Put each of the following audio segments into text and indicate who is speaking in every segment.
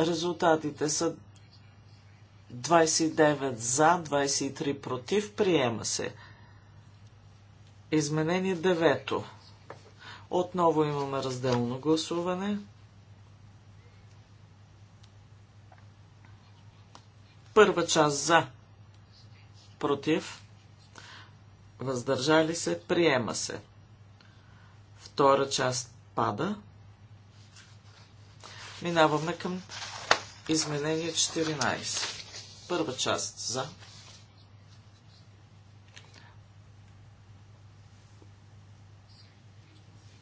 Speaker 1: Резултатите са 29 за, 23 против. Приема се. Изменение 9. Отново имаме разделно гласуване. Първа част за, против, въздържали се, приема се. Втора част пада. Минаваме към изменение 14. Първа част за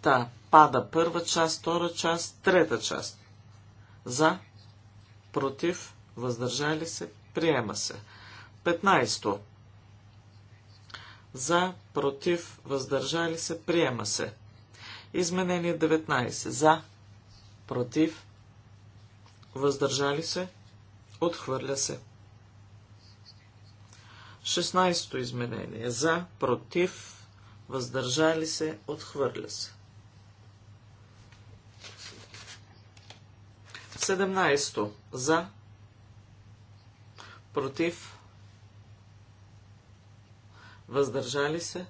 Speaker 1: Та, пада първа част, втора част, трета част. За, против, въздържали се, приема се. 15. За, против, въздържали се, приема се. Изменение 19. За, против, въздържали се, отхвърля се. 16 изменение. За, против, въздържали се, отхвърля се. 17 за, против,
Speaker 2: въздържали
Speaker 1: се,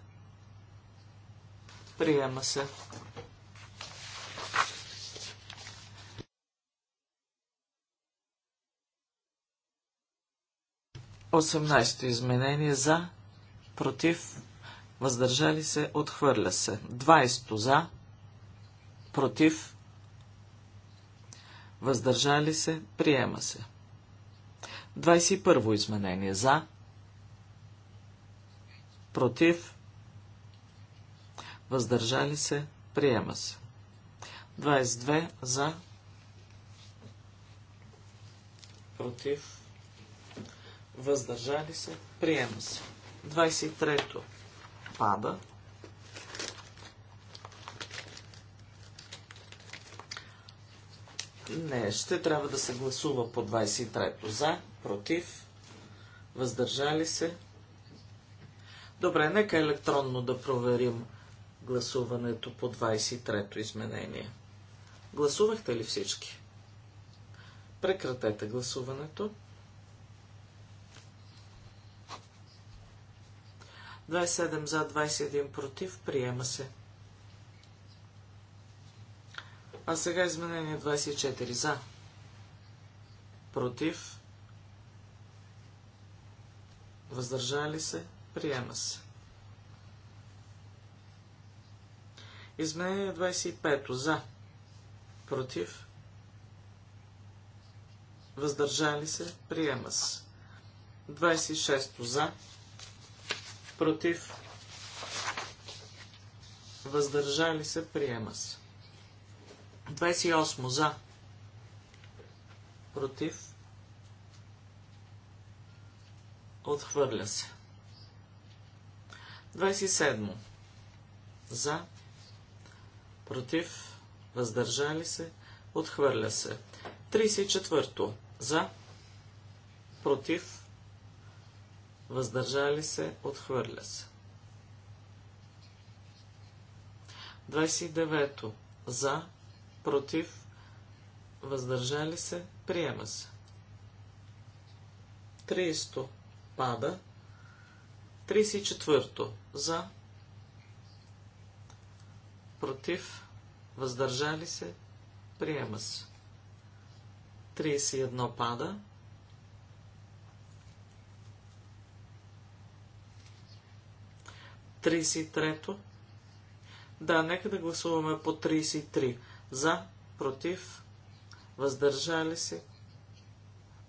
Speaker 1: приема се. 18-то изменение за, против, въздържали се, отхвърля се. 20-то за, против, въздържали се, приема се. 21-во изменение за, против, въздържали се, приема се. 22 за, против, въздържали се, приема се. 23-то пада. Не, ще трябва да се гласува по 23-то. За, против, въздържали се. Добре, нека електронно да проверим гласуването по 23-то изменение. Гласувахте ли всички? Прекратете гласуването. 27 за, 21 против. Приема се. А сега изменение 24 за. Против. Въздържали се. Приема се. Изменение 25 за. Против. Въздържали се. Приема се. 26 за против, въздържали се, приема се. 28 за, против, отхвърля се. 27 за, против, въздържали се, отхвърля се. 34 за, против, въздържали се, отхвърля се. 29. За, против, въздържали се, приема се. 30. Пада. 34. За, против, въздържали се, приема се. 31. Пада. 33-то. Да, нека да гласуваме по 33. За, против, въздържали се.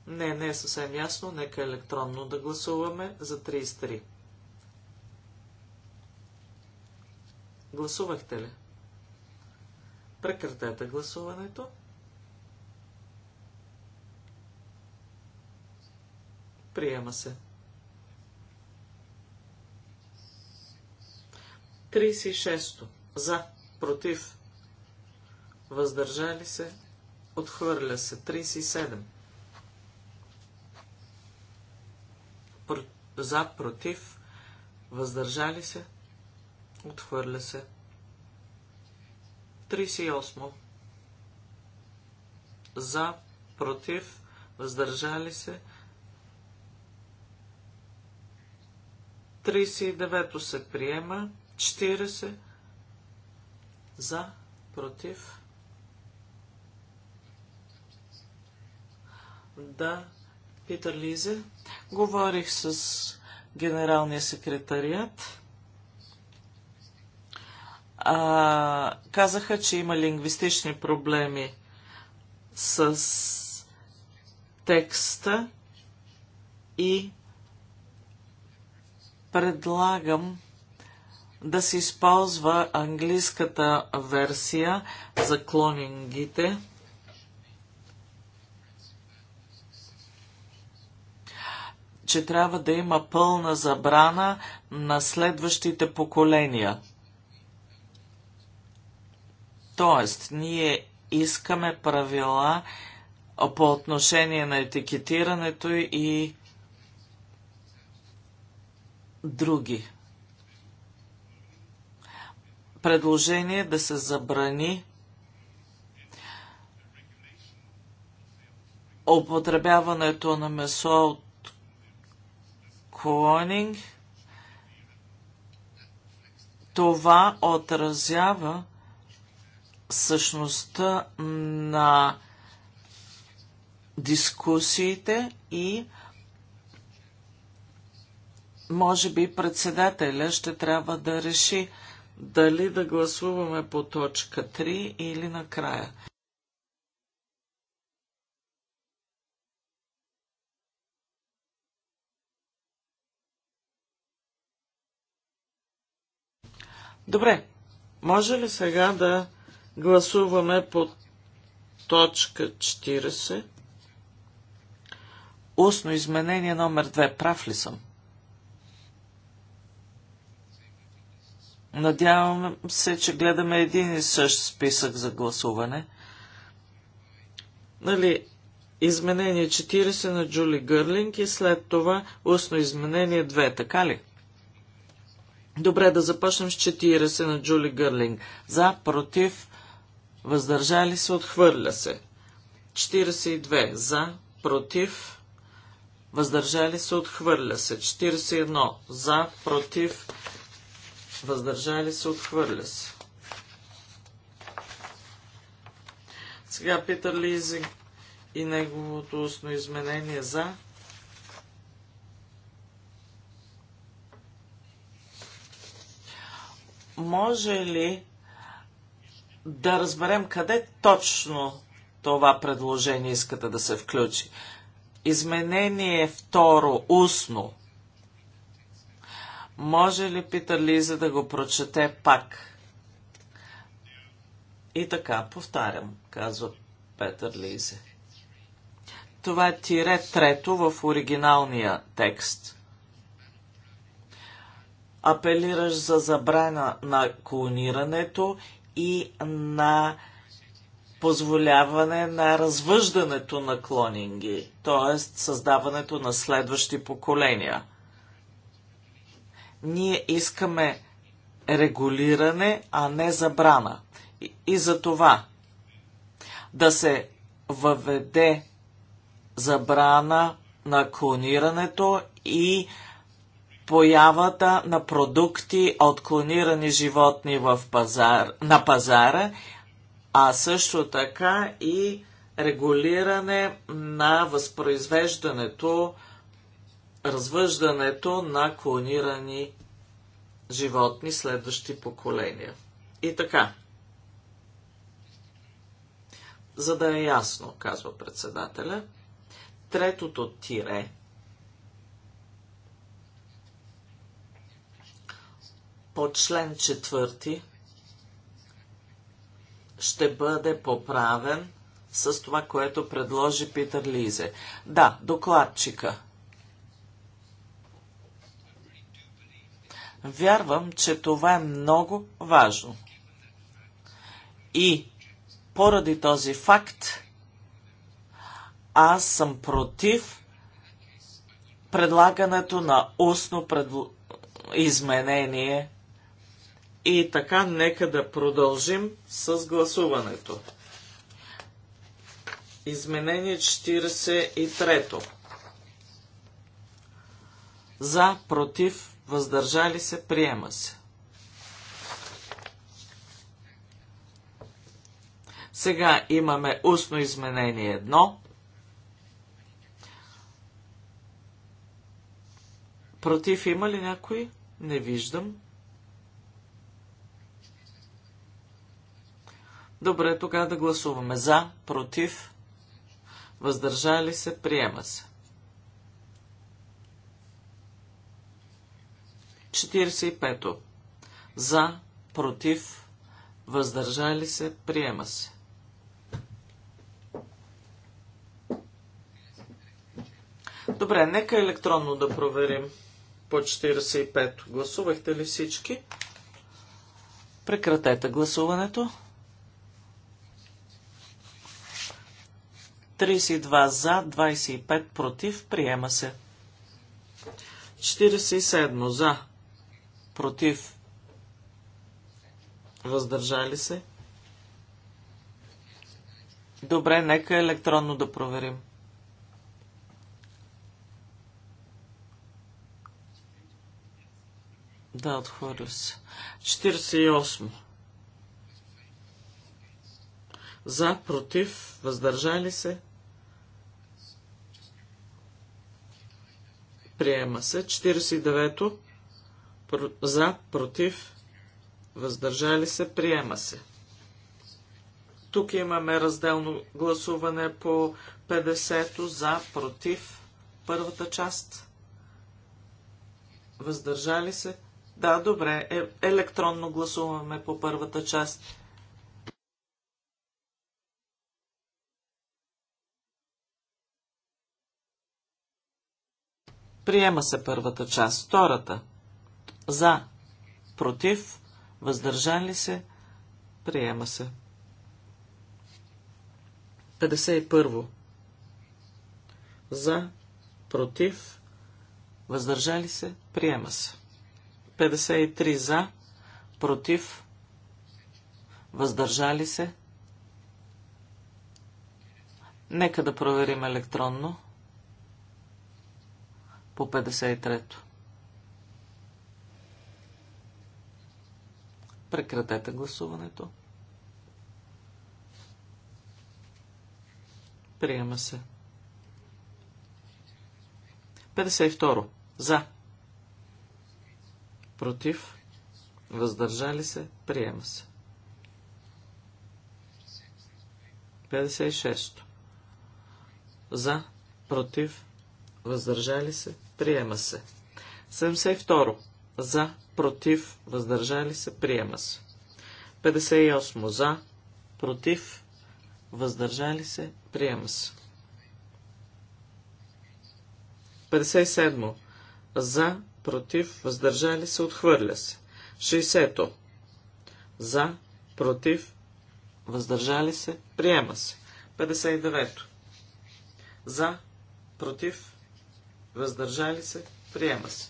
Speaker 1: Не, не е съвсем ясно. Нека електронно да гласуваме за 33. Гласувахте ли? Прекратете гласуването. Приема се. 36. За. Против. Въздържали се. Отхвърля се. 37. Про... За. Против. Въздържали се. Отхвърля се. 38. За. Против. Въздържали се. 39 се приема. 40 за, против. Да, Питър Лизе. Говорих с генералния секретарият. А, казаха, че има лингвистични проблеми с текста и предлагам да се използва английската версия за клонингите. че трябва да има пълна забрана на следващите поколения. Тоест, ние искаме правила по отношение на етикетирането и други предложение да се забрани употребяването на месо от клонинг, това отразява същността на дискусиите и може би председателя ще трябва да реши дали да гласуваме по точка 3 или накрая. Добре, може ли сега да гласуваме по точка 40? Устно изменение номер 2. Прав ли съм? Надявам се, че гледаме един и същ списък за гласуване. Нали, изменение 40 на Джули Гърлинг и след това устно изменение 2, така ли? Добре, да започнем с 40 на Джули Гърлинг. За, против, въздържали се, отхвърля се. 42. За, против, въздържали се, отхвърля се. 41. За, против, въздържали се, отхвърля се. Сега Питър Лизи и неговото устно изменение за може ли да разберем къде точно това предложение искате да се включи? Изменение второ, устно, може ли, пита Лиза, да го прочете пак? И така, повтарям, казва Петър Лизе. Това е тире трето в оригиналния текст. Апелираш за забрана на клонирането и на позволяване на развъждането на клонинги, т.е. създаването на следващи поколения – ние искаме регулиране, а не забрана. И, и за това да се въведе забрана на клонирането и появата на продукти от клонирани животни в пазар, на пазара, а също така и регулиране на възпроизвеждането развъждането на клонирани животни следващи поколения. И така. За да е ясно, казва председателя, третото тире по член четвърти ще бъде поправен с това, което предложи Питър Лизе. Да, докладчика – Вярвам, че това е много важно. И поради този факт, аз съм против предлагането на устно предл... изменение. И така, нека да продължим с гласуването. Изменение 43. За, против, въздържали се, приема се. Сега имаме устно изменение 1. Против има ли някой? Не виждам. Добре, тогава да гласуваме за, против, въздържали се, приема се. 45. За, против, въздържали се, приема се. Добре, нека електронно да проверим по 45. Гласувахте ли всички? Прекратете гласуването. 32 за, 25 против, приема се. 47 за, против, въздържали се. Добре, нека електронно да проверим. Да, отхвърля се. 48. За, против, въздържали се. Приема се. 49 за, против, въздържали се, приема се. Тук имаме разделно гласуване по 50-то за, против, първата част. Въздържали се? Да, добре. Е, електронно гласуваме по първата част. Приема се първата част. Втората. За. Против. Въздържали се. Приема се. 51. За. Против. Въздържали се. Приема се. 53. За. Против. Въздържали се. Нека да проверим електронно по 53-то. Прекратете гласуването. Приема се. 52. За. Против. Въздържали се. Приема се. 56. За. Против. Въздържали се. Приема се. 72 за, против, въздържали се, приема се. 58 за, против, въздържали се, приема се. 57 за, против, въздържали се, отхвърля се. 60 за, против, въздържали се, приема се. 59 за, против, въздържали се, приема се.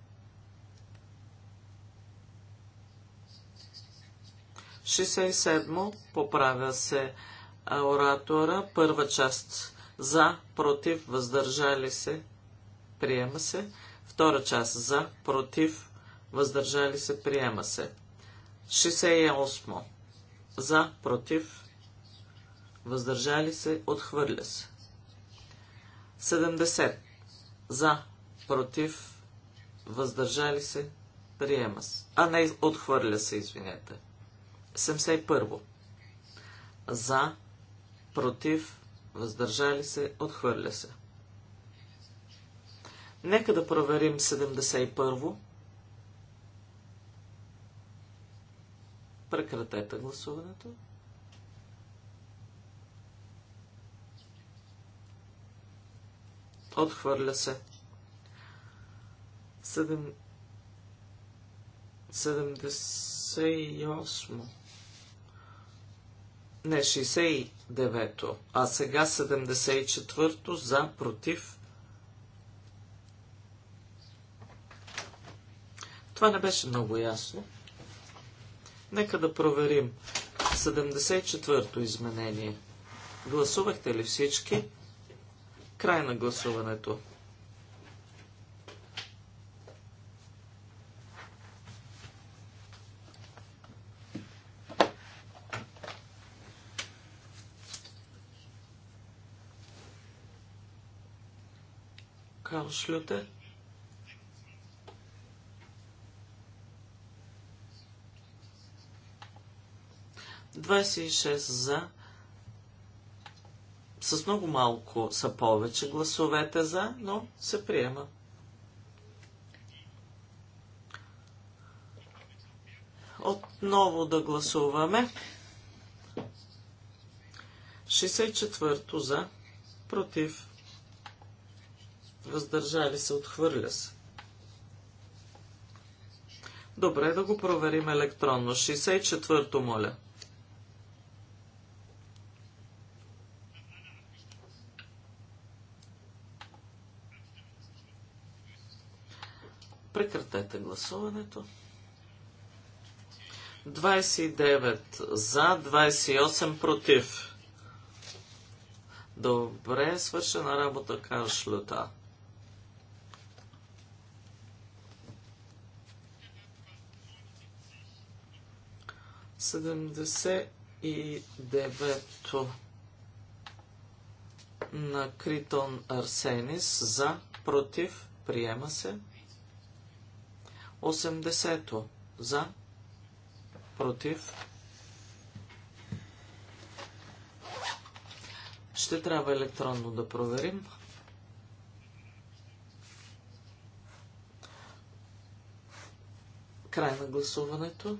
Speaker 1: 67 поправя се оратора. Първа част за, против, въздържали се, приема се. Втора част за, против, въздържали се, приема се. 68 за, против, въздържали се, отхвърля се. 70 за, против, въздържали се, приема се. А не, отхвърля се, извинете. 71 71. За, против, въздържали се, отхвърля се. Нека да проверим 71. Прекратете гласуването. Отхвърля се. 7... 78 не 69-то, а сега 74-то за против. Това не беше много ясно. Нека да проверим 74-то изменение. Гласувахте ли всички? Край на гласуването. Шлюте. за. С много малко са повече гласовете за, но се приема. Отново да гласуваме. 64 то за, против въздържали се, отхвърля се. Добре, да го проверим електронно. 64-то, моля. Прекратете гласуването. 29 за, 28 против. Добре, свършена работа, Карл Шлюта. 79 на Критон Арсенис за, против, приема се. 80 за, против. Ще трябва електронно да проверим. Край на гласуването.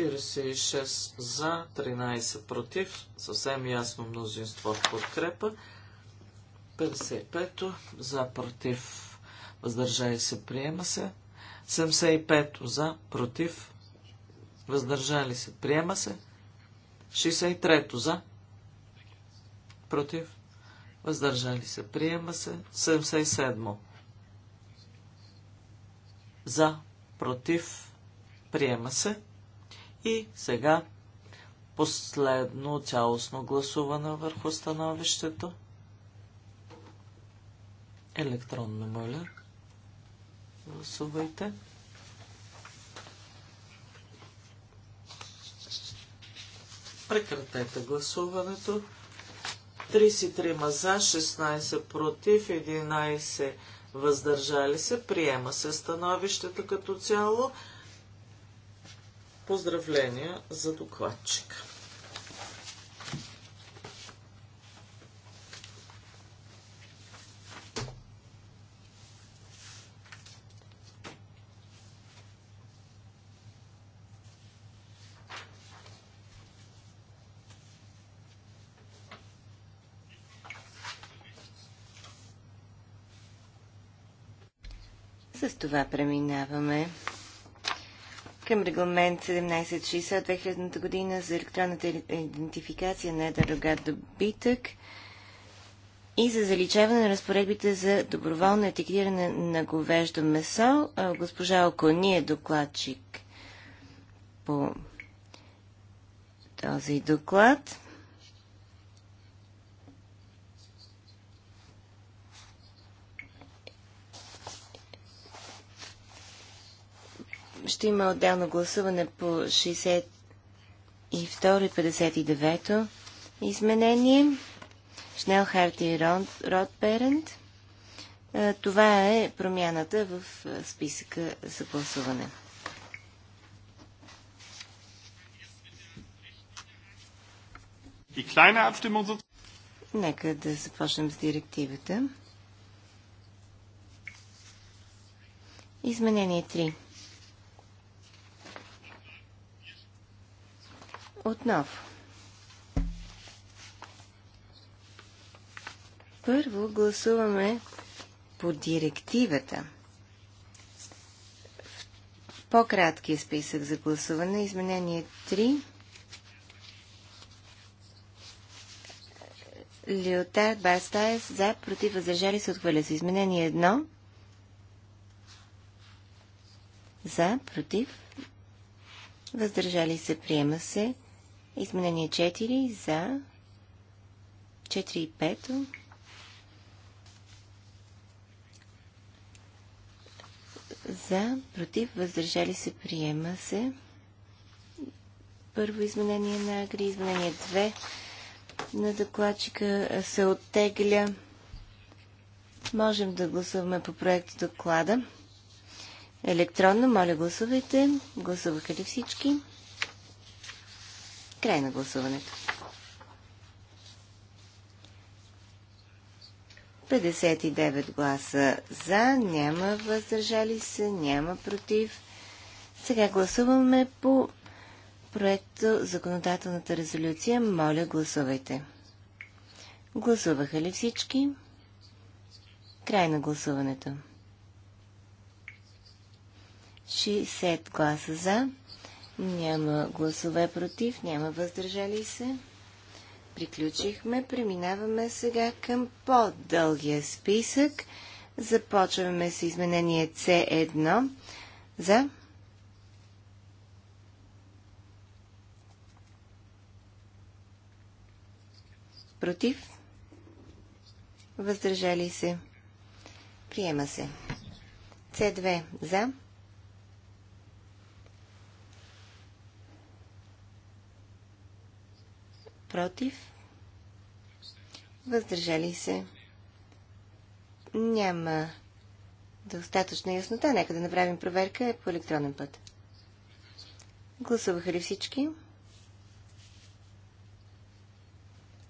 Speaker 1: 46 за, 13 против, съвсем ясно мнозинство в подкрепа. 55 за, против, въздържай се, приема се. 75 за, против, въздържали се, приема се. 63 за, против, въздържали се, приема се. 77 за, против, приема се. И сега последно цялостно гласуване върху становището. Електронно, моля. Гласувайте. Прекратете гласуването. 33 за, 16 против, 11 въздържали се. Приема се становището като цяло. Поздравления за докладчика.
Speaker 3: С това преминаваме към регламент 1760 от 2000 година за електронната идентификация на едър добитък и за заличаване на разпоредбите за доброволно етикетиране на говеждо месо. Госпожа Окони е докладчик по този доклад. ще има отделно гласуване по 62 и 59-то изменение. Шнел Харти и Род Перент. Това е промяната в списъка за гласуване. Нека да започнем с директивата. Изменение 3. отново. Първо гласуваме по директивата. В по-краткия списък за гласуване, изменение 3. Лиотар Бастаес за против въздържали се отхвърля се. Изменение 1. За против въздържали се приема се. Изменение 4 за 4 и 5. За, против, въздържали се, приема се. Първо изменение на Агри, изменение 2 на докладчика се оттегля. Можем да гласуваме по проект доклада. Електронно, моля гласувайте. Гласуваха ли всички? Край на гласуването. 59 гласа за, няма въздържали се, няма против. Сега гласуваме по проекто законодателната резолюция. Моля, гласувайте. Гласуваха ли всички? Край на гласуването. 60 гласа за, няма гласове против, няма въздържали се. Приключихме. Преминаваме сега към по-дългия списък. Започваме с изменение C1. За. Против. Въздържали се. Приема се. с 2 За. против, въздържали се. Няма достатъчна яснота. Нека да направим проверка по електронен път. Гласуваха ли всички?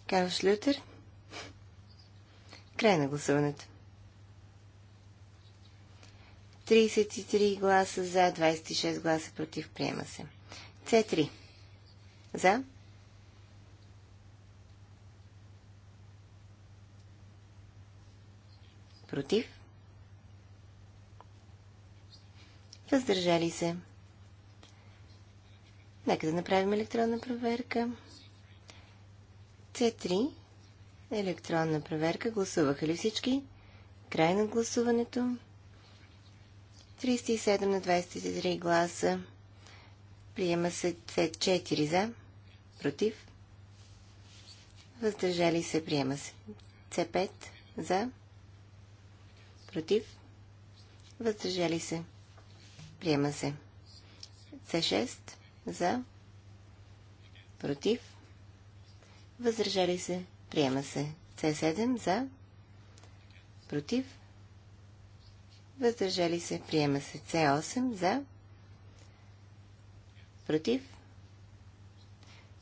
Speaker 3: Карл Шлютер. Край на гласуването. 33 гласа за, 26 гласа против. Приема се. С3. За. Против? Въздържали се. Нека да направим електронна проверка. C3. Електронна проверка. Гласуваха ли всички? Край на гласуването. 37 на 23 гласа. Приема се C4 за. Против. Въздържали се. Приема се. C5 за против, въздържали се, приема се. С6 за, против, въздържали се, приема се. С7 за, против, въздържали се, приема се. С8 за, против,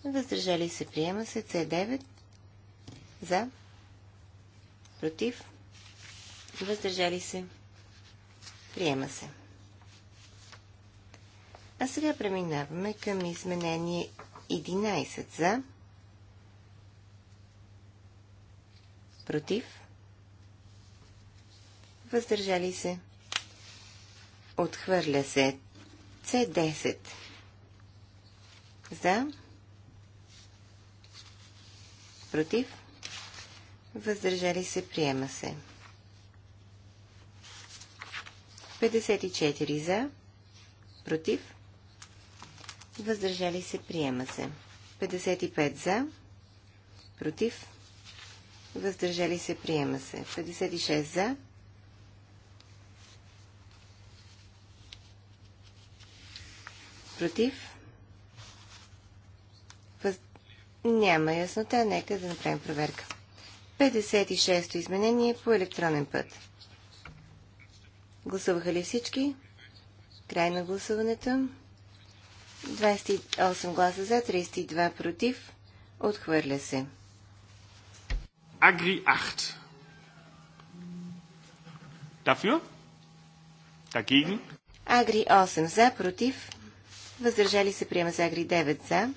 Speaker 3: въздържали се, приема се. С9 за, против, въздържали се, приема се. А сега преминаваме към изменение 11 за, против, въздържали се, отхвърля се с 10 за, против, въздържали се, приема се. 54 за, против, въздържали се, приема се. 55 за, против, въздържали се, приема се. 56 за, против, въз... няма яснота, нека да направим проверка. 56-то изменение по електронен път. Гласуваха ли всички? Край на гласуването. 28 гласа за, 32 против. Отхвърля се.
Speaker 1: Агри 8. Дафюр? Дагиген?
Speaker 3: Агри 8 за, против. Въздържали се приема за Агри 9 за.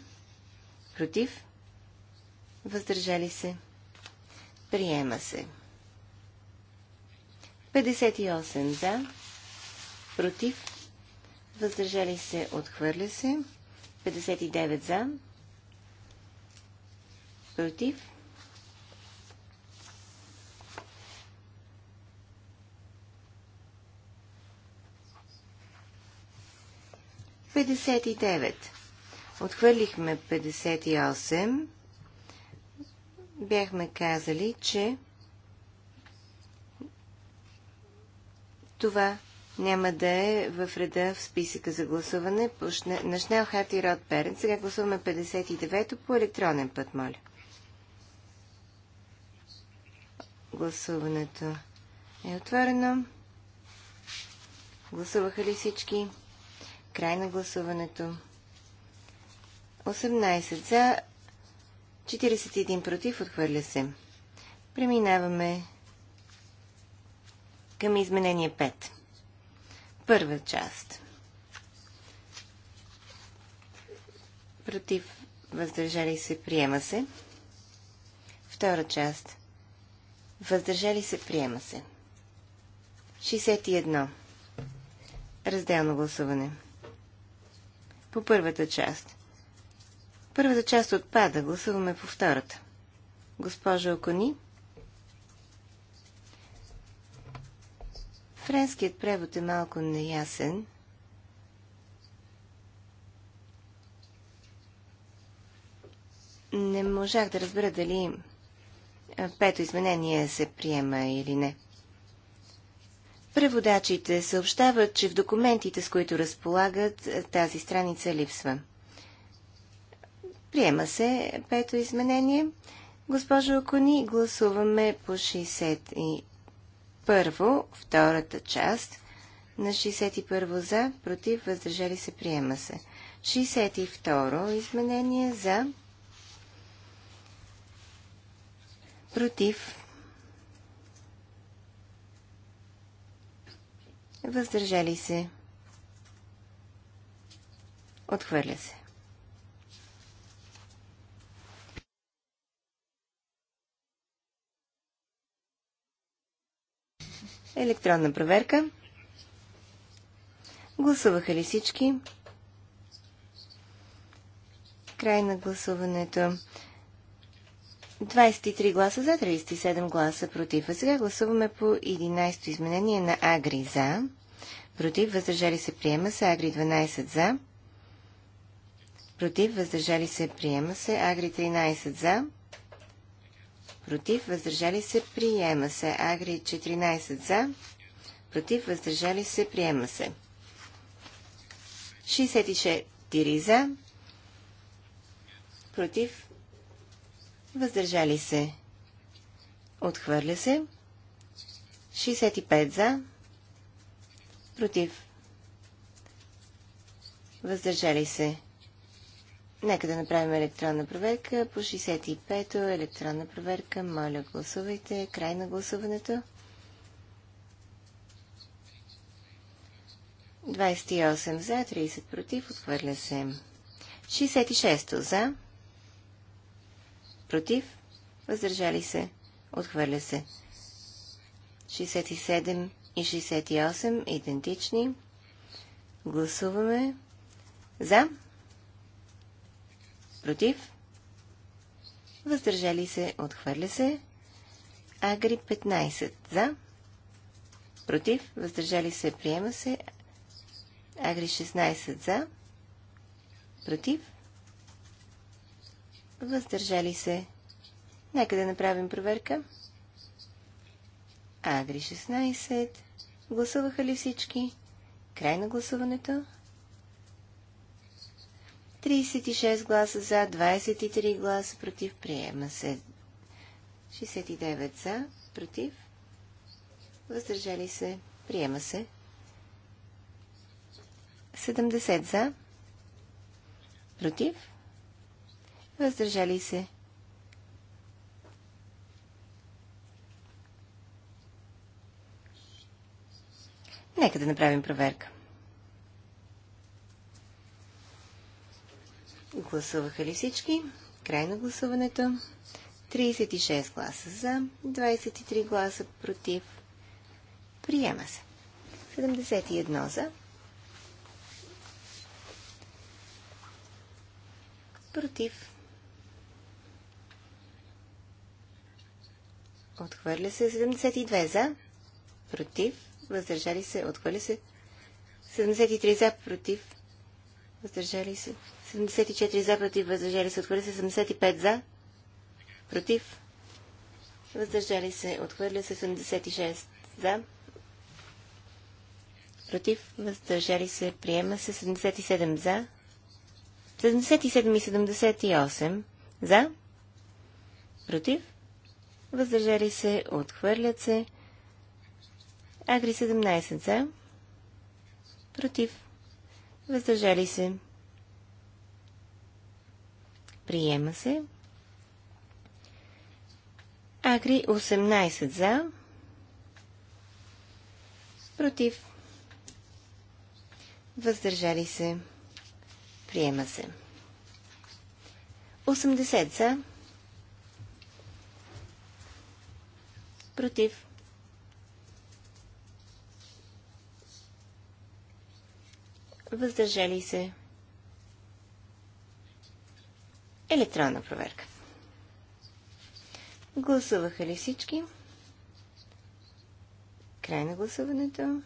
Speaker 3: Против. Въздържали се. Приема се. 58 за, против, въздържали се, отхвърля се. 59 за, против. Петдесет и девет. Отхвърлихме 58. Бяхме казали, че това няма да е в реда в списъка за гласуване на Шнелхарт и Род Перен. Сега гласуваме 59-то по електронен път, моля. Гласуването е отворено. Гласуваха ли всички? Край на гласуването. 18 за, 41 против, отхвърля се. Преминаваме към изменение 5. Първа част. Против въздържали се, приема се. Втора част. Въздържали се, приема се. 61. Разделно гласуване. По първата част. Първата част отпада. Гласуваме по втората. Госпожа Окони. Френският превод е малко неясен. Не можах да разбера дали пето изменение се приема или не. Преводачите съобщават, че в документите, с които разполагат, тази страница липсва. Приема се пето изменение. Госпожо Окони, гласуваме по първо, втората част на 61 во за, против, въздържали се, приема се. 62 изменение за, против, въздържали се, отхвърля се. Електронна проверка. Гласуваха ли всички? Край на гласуването. 23 гласа за, 37 гласа против. А сега гласуваме по 11-то изменение на Агри за. Против, въздържали се, приема се. Агри 12 за. Против, въздържали се, приема се. Агри 13 за против, въздържали се, приема се. Агри 14 за, против, въздържали се, приема се. 64 за, против, въздържали се, отхвърля се. 65 за, против, въздържали се, Нека да направим електронна проверка по 65-то. Електронна проверка. Моля, гласувайте. Край на гласуването. 28 за, 30 против. Отхвърля се. 66-то за. Против. Въздържали се. Отхвърля се. 67 и 68 идентични. Гласуваме. За. Против? Въздържали се. Отхвърля се. Агри 15. За. Против? Въздържали се. Приема се. Агри 16. За. Против? Въздържали се. Нека да направим проверка. Агри 16. Гласуваха ли всички? Край на гласуването. 36 гласа за, 23 гласа против, приема се. 69 за, против, въздържали се, приема се. 70 за, против, въздържали се. Нека да направим проверка. Гласуваха ли всички? Край на гласуването. 36 гласа за, 23 гласа против. Приема се. 71 за. Против. Отхвърля се 72 за. Против. Въздържали се. Отхвърля се 73 за. Против. Въздържали се. 74 за, против, въздържали се, отхвърля се. 75 за, против, въздържали се, отхвърля се. 76 за, против, въздържали се, приема се. 77 за, 77 и 78 за, против, въздържали се, отхвърлят се. Агри 17 за, против, въздържали се, Приема се. Агри 18 за. Против. Въздържали се. Приема се. 80 за. Против. Въздържали се. Електронна проверка. Гласуваха ли всички? Край на гласуването.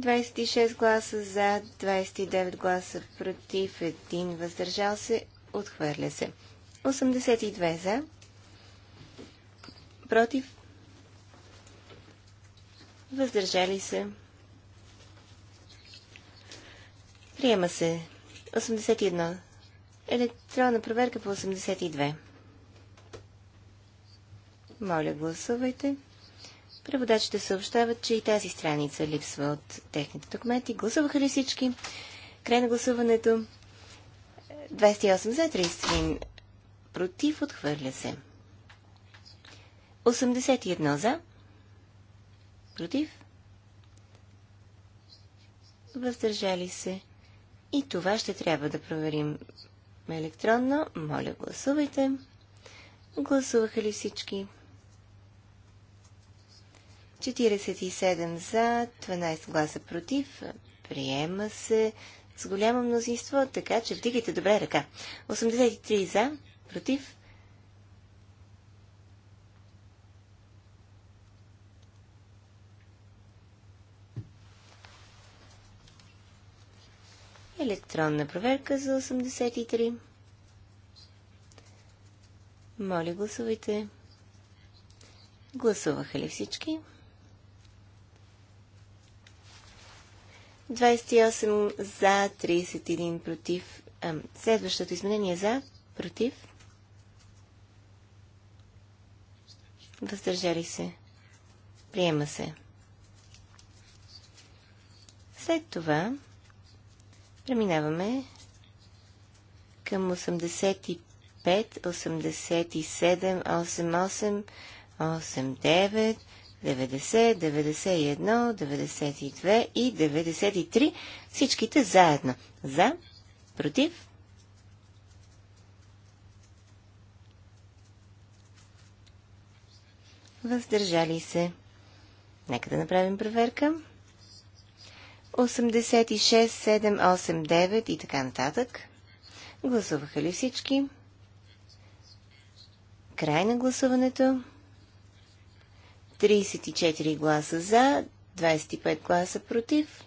Speaker 3: 26 гласа за, 29 гласа против, 1 въздържал се, отхвърля се. 82 за, против, въздържали се. Приема се 81 Електронна проверка по 82. Моля, гласувайте. Преводачите съобщават, че и тази страница липсва от техните документи. Гласуваха ли всички? Край на гласуването. 28 за 30. против отхвърля се. 81 за. Против. Въздържали се. И това ще трябва да проверим електронно. Моля, гласувайте. Гласуваха ли всички? 47 за, 12 гласа против. Приема се с голямо мнозинство, така че вдигайте добре ръка. 83 за, против. Електронна проверка за 83. Моля, гласувайте. Гласуваха ли всички? 28 за, 31 против. следващото изменение е за, против. Въздържали се. Приема се. След това Преминаваме към 85, 87, 88, 89, 90, 91, 92 и 93. Всичките заедно. За, против, въздържали се. Нека да направим проверка. 86, 7, 8, 9 и така нататък. Гласуваха ли всички? Край на гласуването. 34 гласа за, 25 гласа против.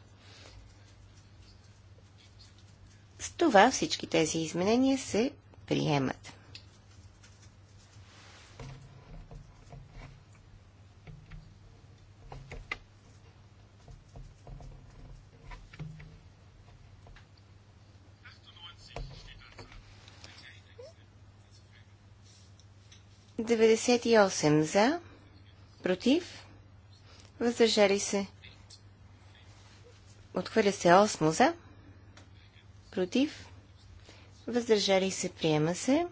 Speaker 3: С това всички тези изменения се приемат. 98 за, против, въздържали се. Отхвърля се 8 за, против, въздържали се, приема се.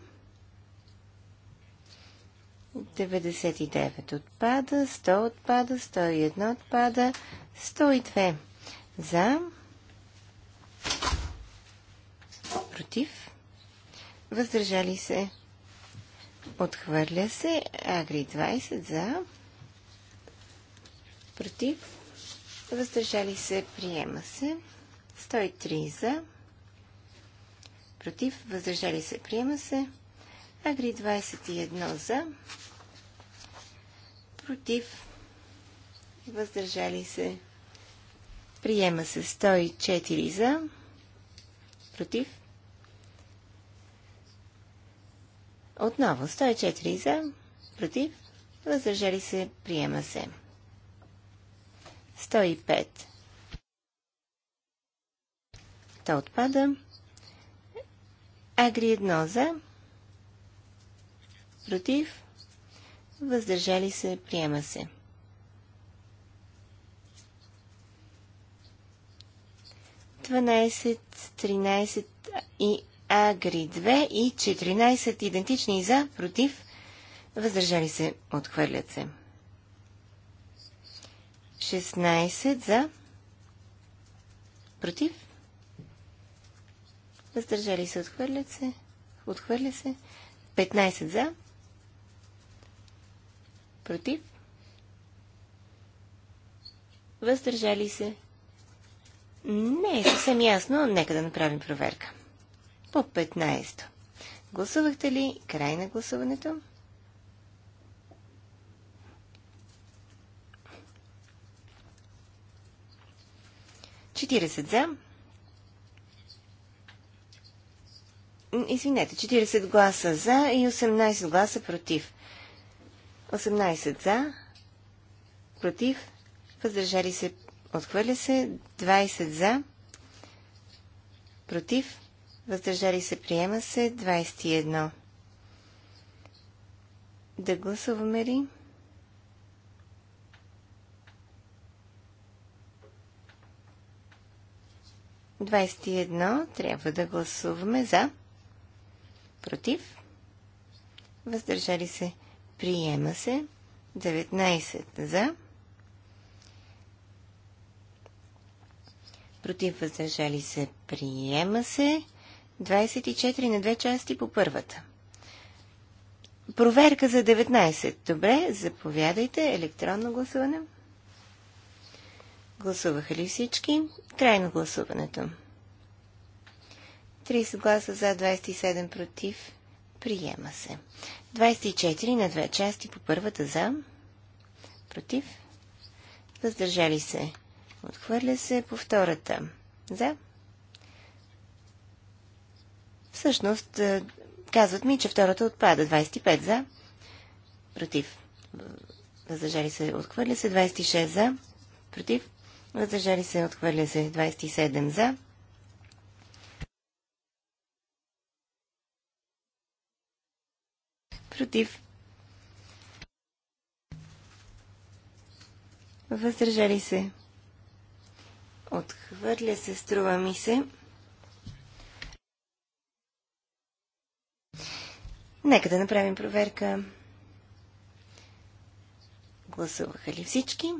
Speaker 3: 99 отпада, 100 отпада, 101 отпада, 102 за, против, въздържали се, Отхвърля се. Агри 20 за. Против. Въздържали се. Приема се. 103 за. Против. Въздържали се. Приема се. Агри 21 за. Против. Въздържали се. Приема се 104 за. Против. Отново 104 за, против, въздържали се, приема се. 105. Та отпада. Агри едно за, против, въздържали се, приема се. 12, 13 и Агри 2 и 14 идентични за, против, въздържали се, отхвърлят се. 16 за, против, въздържали се, отхвърлят се, отхвърля се, 15 за, против, въздържали се. Не е съвсем ясно, нека да направим проверка. 16 по 15. Гласувахте ли край на гласуването? Четиридесет за. Извинете, 40 гласа за и 18 гласа против. 18 за, против, въздържали се, отхвърля се, 20 за, против, въздържали се, приема се 21. Да гласуваме ли? Двадесет едно. Трябва да гласуваме за. Против. Въздържали се. Приема се. 19 за. Против въздържали се. Приема се. 24 на две части по първата. Проверка за 19. Добре, заповядайте. Електронно гласуване. Гласуваха ли всички? Крайно гласуването. 30 гласа за, 27 против. Приема се. 24 на две части по първата за. Против. Въздържали се. Отхвърля се по втората. За. Всъщност, е, казват ми, че втората отпада. 25 за, против. Въздържали се, отхвърля се. 26 за, против. Въздържали се, отхвърля се. 27 за. Против. Въздържали се. Отхвърля се, струва ми се. Нека да направим проверка. Гласуваха ли всички?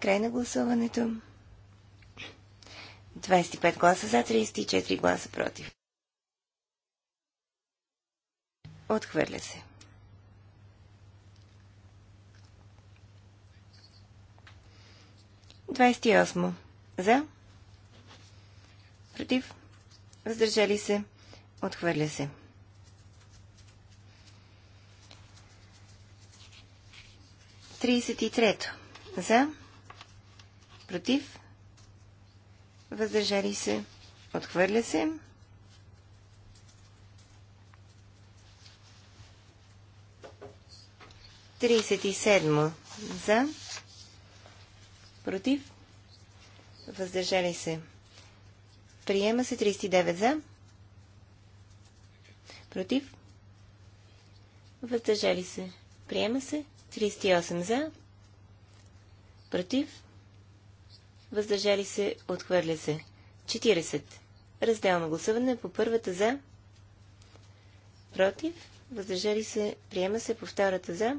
Speaker 3: Край на гласуването. 25 гласа за, 34 гласа против. Отхвърля се. Двадесет осмо. За. Против. Въздържали се. Отхвърля се. 33. За. Против. Въздържали се. Отхвърля се. Тридесет и седмо. За. Против. Въздържали се. Приема се 39 за. Против. Въздържали се. Приема се 38 за, против, въздържали се, отхвърля се. 40. Разделно гласуване по първата за, против, въздържали се, приема се по втората за,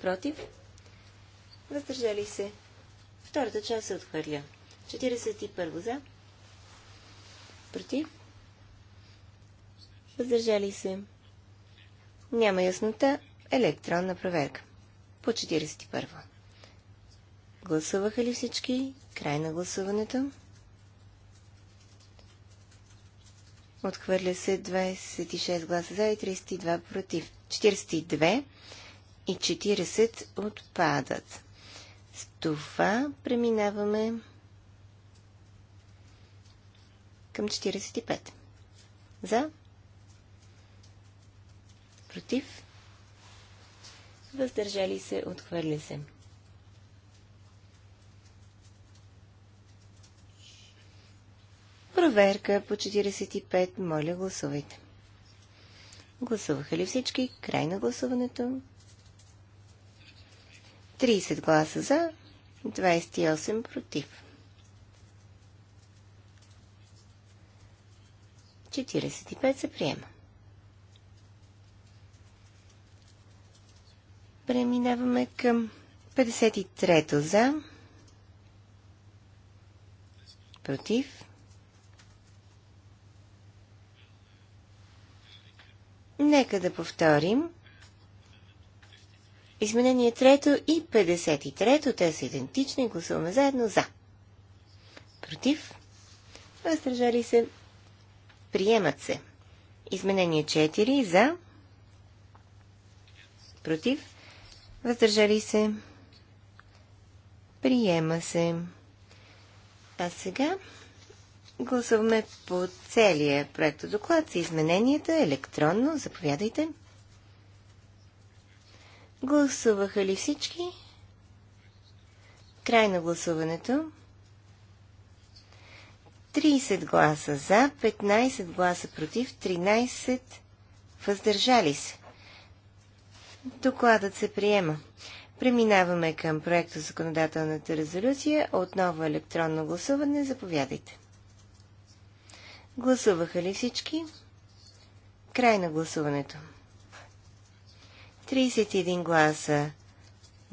Speaker 3: против, въздържали се. Втората част се отхвърля. 41 за, против, въздържали се. Няма яснота. Електронна проверка. По 41. Гласуваха ли всички? Край на гласуването. Отхвърля се 26 гласа за и 32 против. 42 и 40 отпадат. С това преминаваме към 45. За, Против. Въздържали се. Отхвърля се. Проверка по 45. Моля, гласувайте. Гласуваха ли всички? Край на гласуването. 30 гласа за, 28 против. 45 се приема. Преминаваме към 53-то за. Против. Нека да повторим. Изменение 3 и 53, то те са идентични, гласуваме заедно за. Против. Въздържали се. Приемат се. Изменение 4 за. Против въздържали се, приема се. А сега гласуваме по целия проекто доклад за измененията електронно. Заповядайте. Гласуваха ли всички? Край на гласуването. 30 гласа за, 15 гласа против, 13 въздържали се. Докладът се приема. Преминаваме към проекта законодателната резолюция. Отново електронно гласуване. Заповядайте. Гласуваха ли всички? Край на гласуването. 31 гласа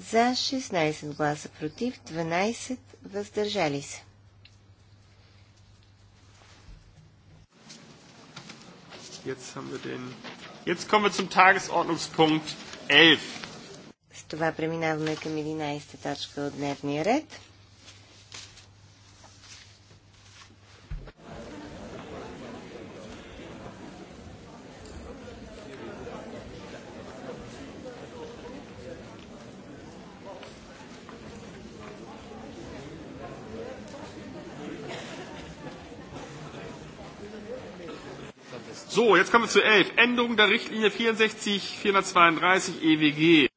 Speaker 3: за, 16 гласа против, 12 въздържали се. Jetzt haben wir den Jetzt kommen wir zum Tagesordnungspunkt с това преминаваме към 11 точка от дневния ред.
Speaker 2: jetzt kommen wir zu 11. Änderung der Richtlinie
Speaker 1: 64 432 EWG.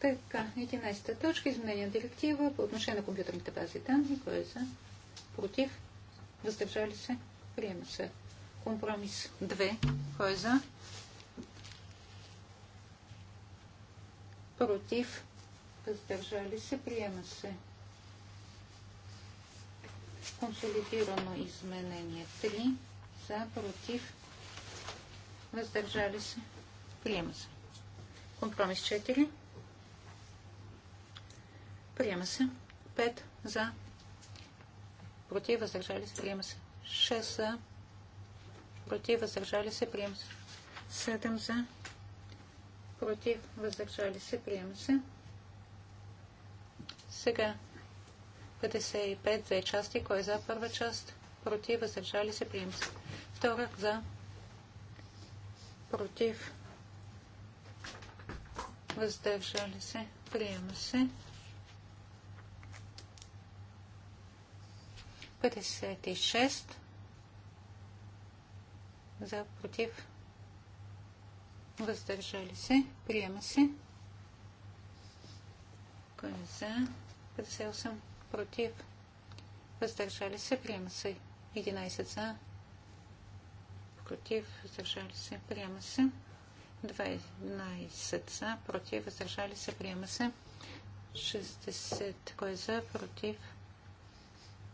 Speaker 2: Така, 11 точка, изменение директива по отношение на компютърните бази данни. Е за? Против? Въздържали се? Приема се. Компромис 2. Кой е за? Против? Въздържали се? Приема се. Консолидирано изменение 3 за, против, въздържали се, приема се. Компромис 4, приема се. 5 за, против, въздържали се, приема се. 6 за, против, въздържали се, приема се. 7 за, против, въздържали се, приема се. Сега 55, две части. Кой е за първа част? против, въздържали се, приемци. се. Втора за, против, въздържали се, приема се. 56 за, против, въздържали се, приема се. Кой е за? 58 против, въздържали се, приема се. 11 за, против, въздържали се, приема се. 12 за, против, въздържали се, приема се. 60 кой е за, против,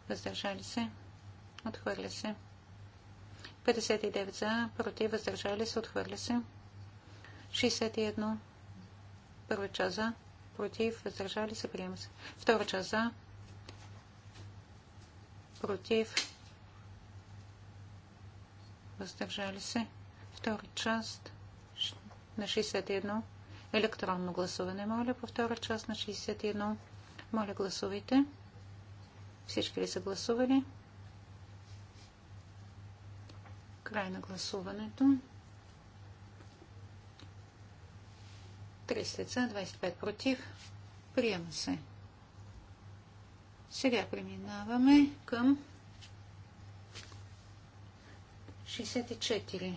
Speaker 2: въздържали се, отхвърля се. 59 за, против, въздържали се, отхвърля се. 61 първа част за, против, въздържали се, приема се. Втора част за, против, въздържали се. Втора част на 61. Електронно гласуване, моля, по втора част на 61. Моля, гласувайте. Всички ли са гласували? Край на гласуването. 30 лица, 25 против. Приема се. Сега преминаваме към 64.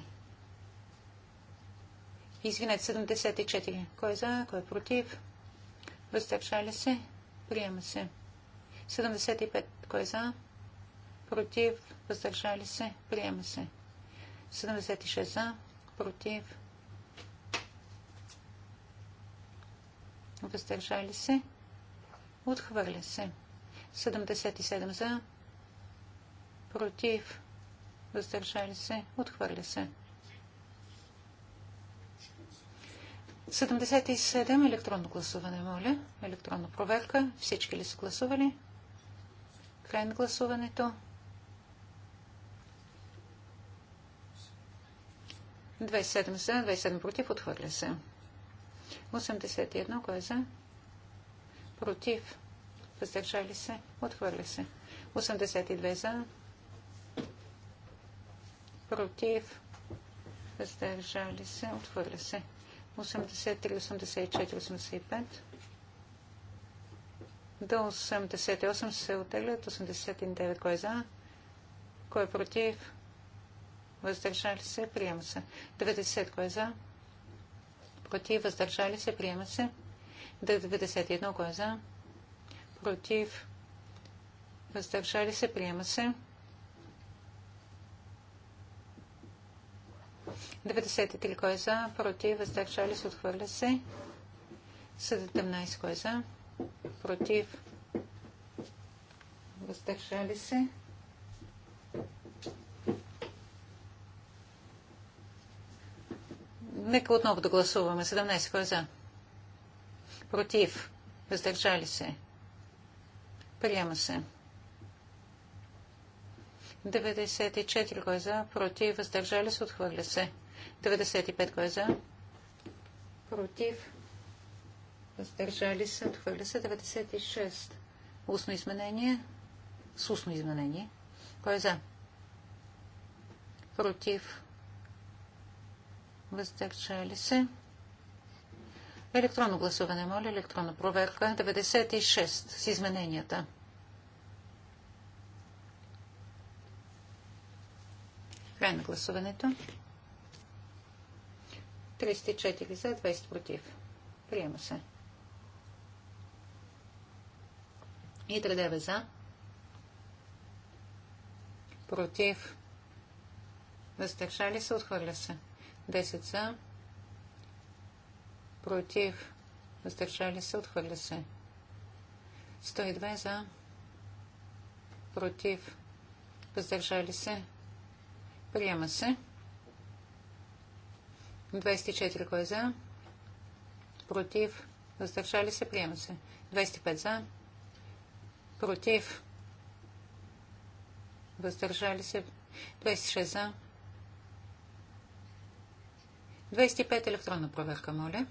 Speaker 2: Извинете, 74. Кой е за, кой е против? Въздържали се? Приема се. 75. Кой е за? Против? Въздържали се? Приема се. 76 за? Против? Въздържали се? Отхвърля се. 77 за? Против? въздържали се, отхвърля се. 77 електронно гласуване, моля. Електронна проверка. Всички ли са гласували? Край на гласуването. 27 за, 27 против, отхвърля се. 81, кой е за? Против, въздържали се, отхвърля се. 82 за, против, въздържали се, отвърля се. 83, 84, 85 до 88 се отделят. 89 кой е за, кой е против, въздържали се, приема се. 90 кой е за, против, въздържали се, приема се. 91 кой е за, против, въздържали се, приема се. 93 кой е за, против, въздържали се, отхвърля се. 17 кой е за, против, въздържали се. Нека отново да гласуваме. 17 кой е за, против, въздържали се. Приема се. 94 кой е за, против, въздържали се, отхвърля се. 95 кой е за? Против. Въздържали се. Отхвърля се. 96. Устно изменение. С устно изменение. Кой е за? Против. Въздържали се. Електронно гласуване, моля. Електронна проверка. 96 с измененията. Край на гласуването. 34 за, 20 против. Приема се. И 39 за. Против. Въздържали се, отхвърля се. 10 за. Против. Въздържали се, отхвърля се. 102 за. Против. Въздържали се. Приема се. 24 кой е за? Против. Въздържали се. Приема се. 25 за. Против. Въздържали се. 26 за. 25 електронна проверка, моля.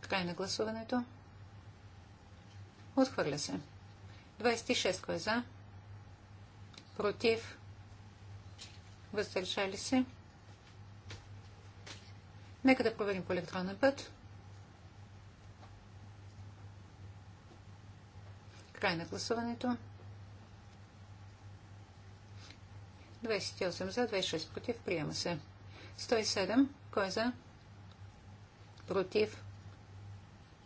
Speaker 2: Край на гласуването. Отхвърля се. 26 кой е за? Против въздържали се. Нека да проверим по електронен път. Край на гласуването. 28 за, 26 против. Приема се. 107. Кой е за? Против.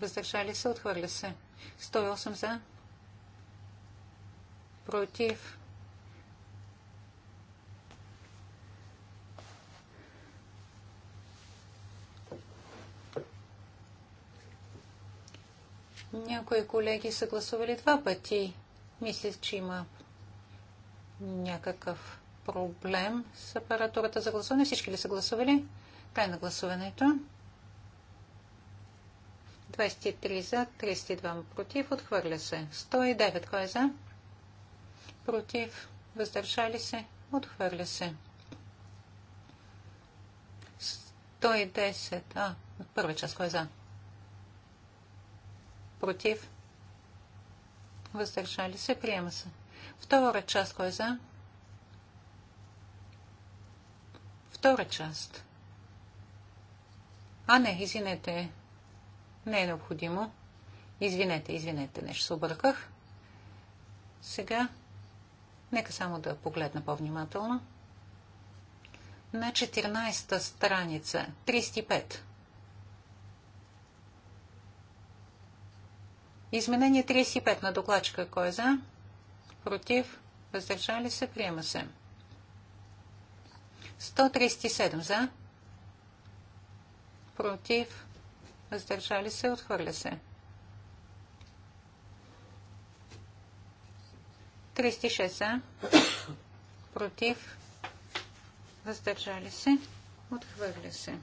Speaker 2: Въздържали се. Отхвърля се. 108 за. Против. Някои колеги са гласували два пъти. Мисля, че има някакъв проблем с апаратурата за гласуване. Всички ли са гласували? Край на гласуването. 23 за, 32 против. Отхвърля се. 109. Кой е за? Против. Въздържали се. Отхвърля се. 110. А, първа част. Кой е за? против, въздържали се, приема се. Втора част, кой е за? Втора част. А, не, извинете, не е необходимо. Извинете, извинете, нещо се обърках. Сега, нека само да погледна по-внимателно. На 14-та страница, 35. Изменение 35 на докладчика. Кой е за? Против? Въздържали се? Приема се. 137 за. Против? Въздържали се? Отхвърля се. 36 за. Против? Въздържали се? Отхвърля се.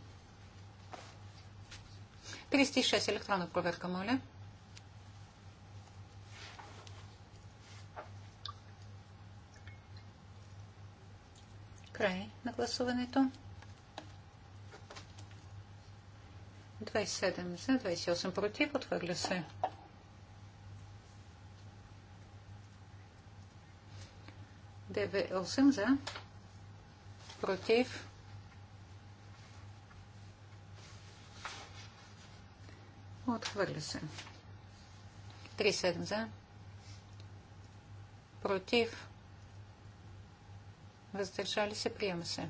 Speaker 2: 36 електронна проверка, моля. Край на гласуването. 27 за, 28 против. Отхвърля се. ДВ8 за, против. Отхвърля се. 37 за, против въздържали се, приема се.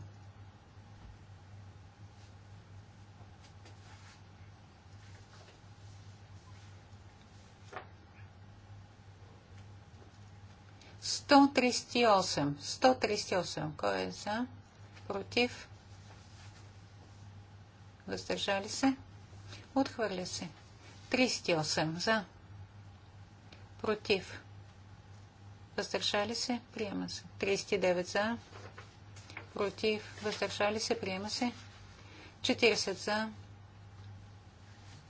Speaker 2: Сто тридцати осем. Сто тридцати осем. Кой е за? Против? Въздържали се? Отхвърля се. осем. за. Против. Въздържали се? Приема се. девет. за против, въздържали се, приема се. 40 за,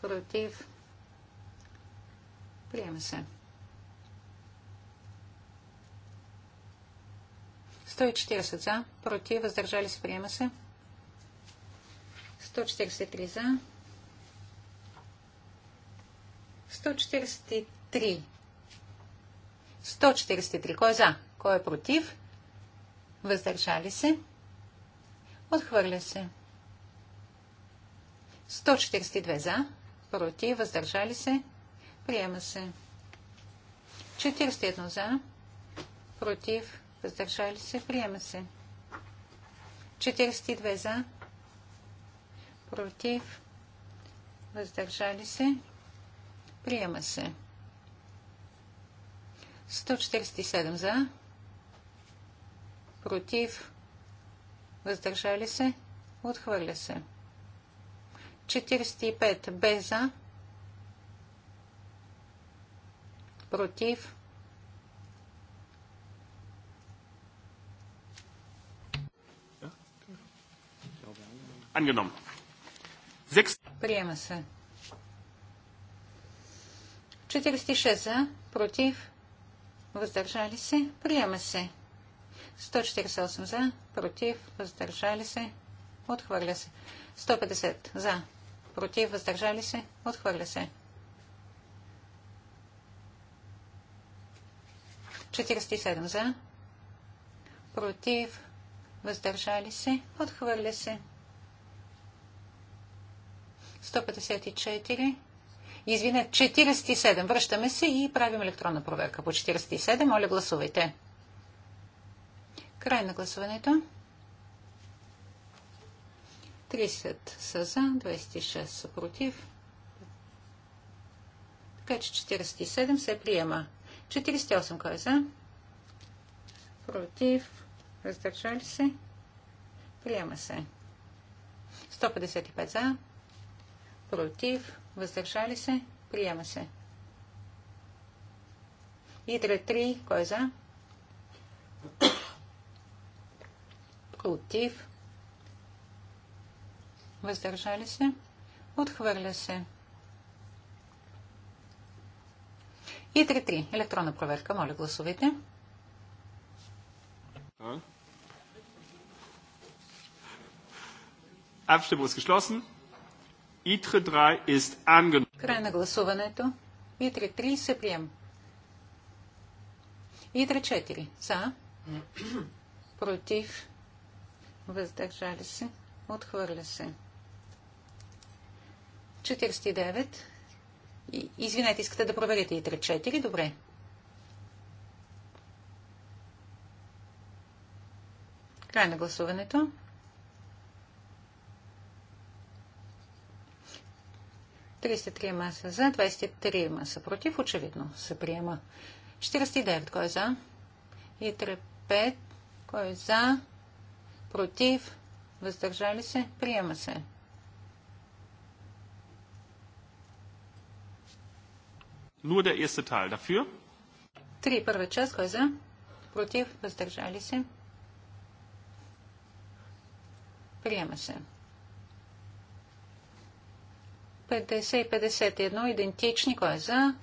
Speaker 2: против, приема се. 140 за, против, въздържали се, приема се. 143 за. 143. 143. Кой е за? Кой е против? Въздържали се? Отхвърля се. 142 за, против, въздържали се, приема се. 41 за, против, въздържали се, приема се. 42 за, против, въздържали се, приема се. 147 за, против, въздържали се, отхвърля се. 45 без за, против, Angenommen. Приема се. 46 за, против, въздържали се, приема се. 148 за, против, въздържали се, отхвърля се. 150 за, против, въздържали се, отхвърля се. 47 за, против, въздържали се, отхвърля се. 154. Извинете, 47. Връщаме се и правим електронна проверка по 47. Моля, гласувайте. Край на гласуването. 30 са за, 26 са против. Така че 47 се приема. 48 кой е за? Против. Въздържали се. Приема се. 155 за. Против. Въздържали се. Приема се. Идре 3. Кой е за? против, въздържали се, отхвърля се. И 3-3. Електронна проверка. Моля, гласувайте.
Speaker 3: Абстебус гешлосен.
Speaker 1: И 3 3 ист анген...
Speaker 2: Край на гласуването. И 3 се И 3 4. За. Против въздържали се, отхвърля се. 49. Извинете, искате да проверите и 3-4. Добре. Край на гласуването. маса за, 23 маса против, очевидно се приема. 49, кой е за? И 3, 5, кой е за? против, въздържали се, приема се.
Speaker 1: Nur der erste Teil dafür.
Speaker 2: Три първа част, кой е за? Против, въздържали се. Приема се. 50 и 51 идентични, кой е за?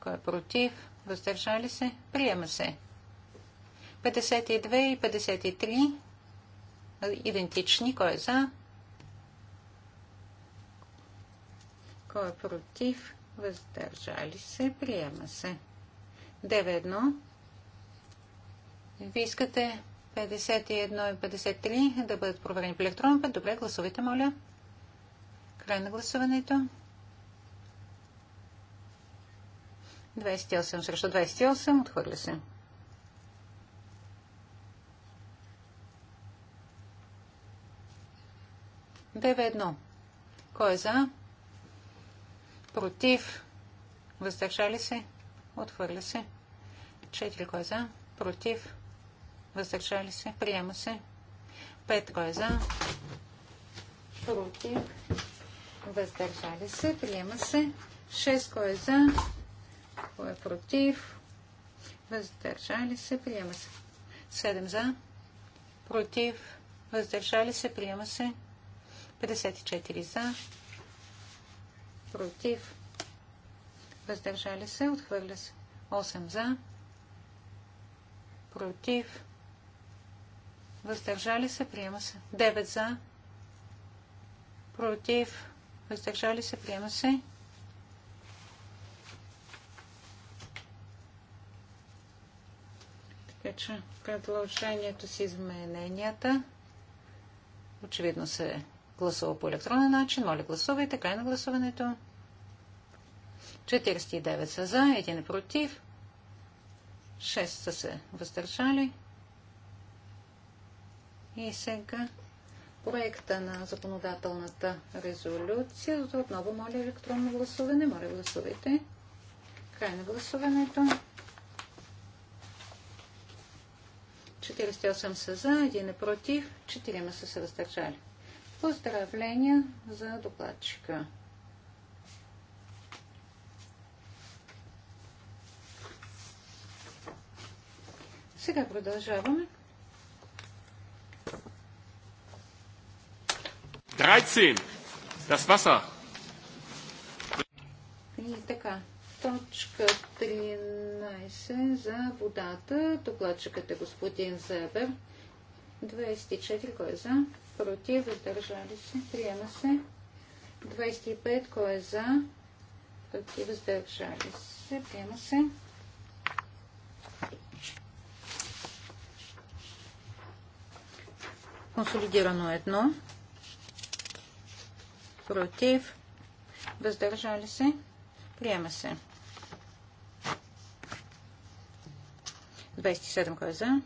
Speaker 2: Кой е против? Въздържали се? Приема се. 52 и 53 идентични. Кой е за? Кой е против? Въздържали се. Приема се. 9-1. Ви искате 51 и 53 да бъдат проверени по електронен път. Добре, гласувайте, моля. Край на гласуването. 28 срещу 28. Отхвърля се. 9-1. Кой е за? Против? Въздържали се? Отхвърля се. 4. Кой е за? Против? Въздържали се? Приема се. 5. Кой е за? Против? Въздържали се? Приема се. 6. Кой е за? Кой е против? Въздържали се? Приема се. 7 за. Против? Въздържали се? Приема се. 54 за, против, въздържали се, отхвърля се. 8 за, против, въздържали се, приема се. 9 за, против, въздържали се, приема се. Така че предложението с измененията очевидно се гласува по електронен начин. Моля, гласувайте. Край на гласуването. 49 са за, 1 е против, 6 са се въздържали. И сега проекта на законодателната резолюция. Отново моля електронно гласуване. Моля, гласувайте. Край на гласуването. 48 са за, 1 е против, 4 са се въздържали. Поздравления за докладчика. Сега продължаваме.
Speaker 1: 13. Das Wasser.
Speaker 2: И така. Точка 13 за водата. Докладчикът е господин Зебер. 24. Кой е за? против, въздържали се, приема се. 25, кой е за, против, въздържали се, приема се. Консолидирано е едно. Против. Въздържали се. Приема се. 27 кой е за?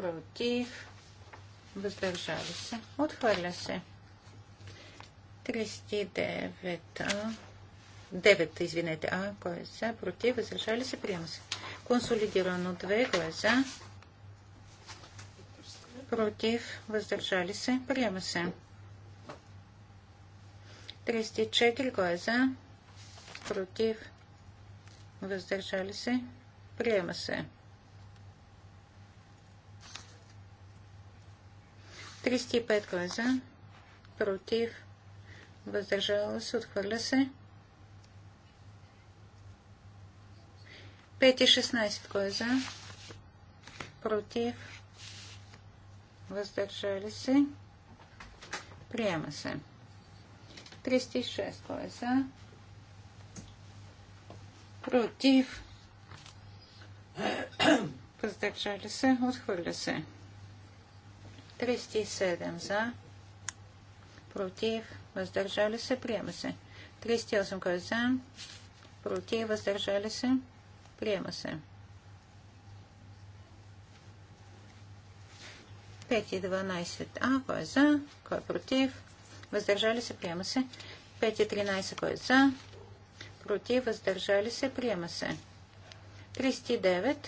Speaker 2: против, въздържали се, отхвърля се. 39А, 9, извинете, А, кой е за, против, въздържали се, приема се. Консолидирано 2, кой е за, против, въздържали се, приема се. 34 кой е за, против, въздържали се, приема се. 35 гласа е за? Против. Въздържала се. Отхвърля се. 5 и 16 кой е за? Против. Въздържали се. Приема се. 36 гласа е за? Против. Въздържали се. Отхвърля се. 37 за, против, въздържали се, приема се. 38 кой е за, против, въздържали се, приема се. 5 и 12 а, кой е за, кой е против, въздържали се, приема се. 5 и 13 кой е за, против, въздържали се, приема се. 39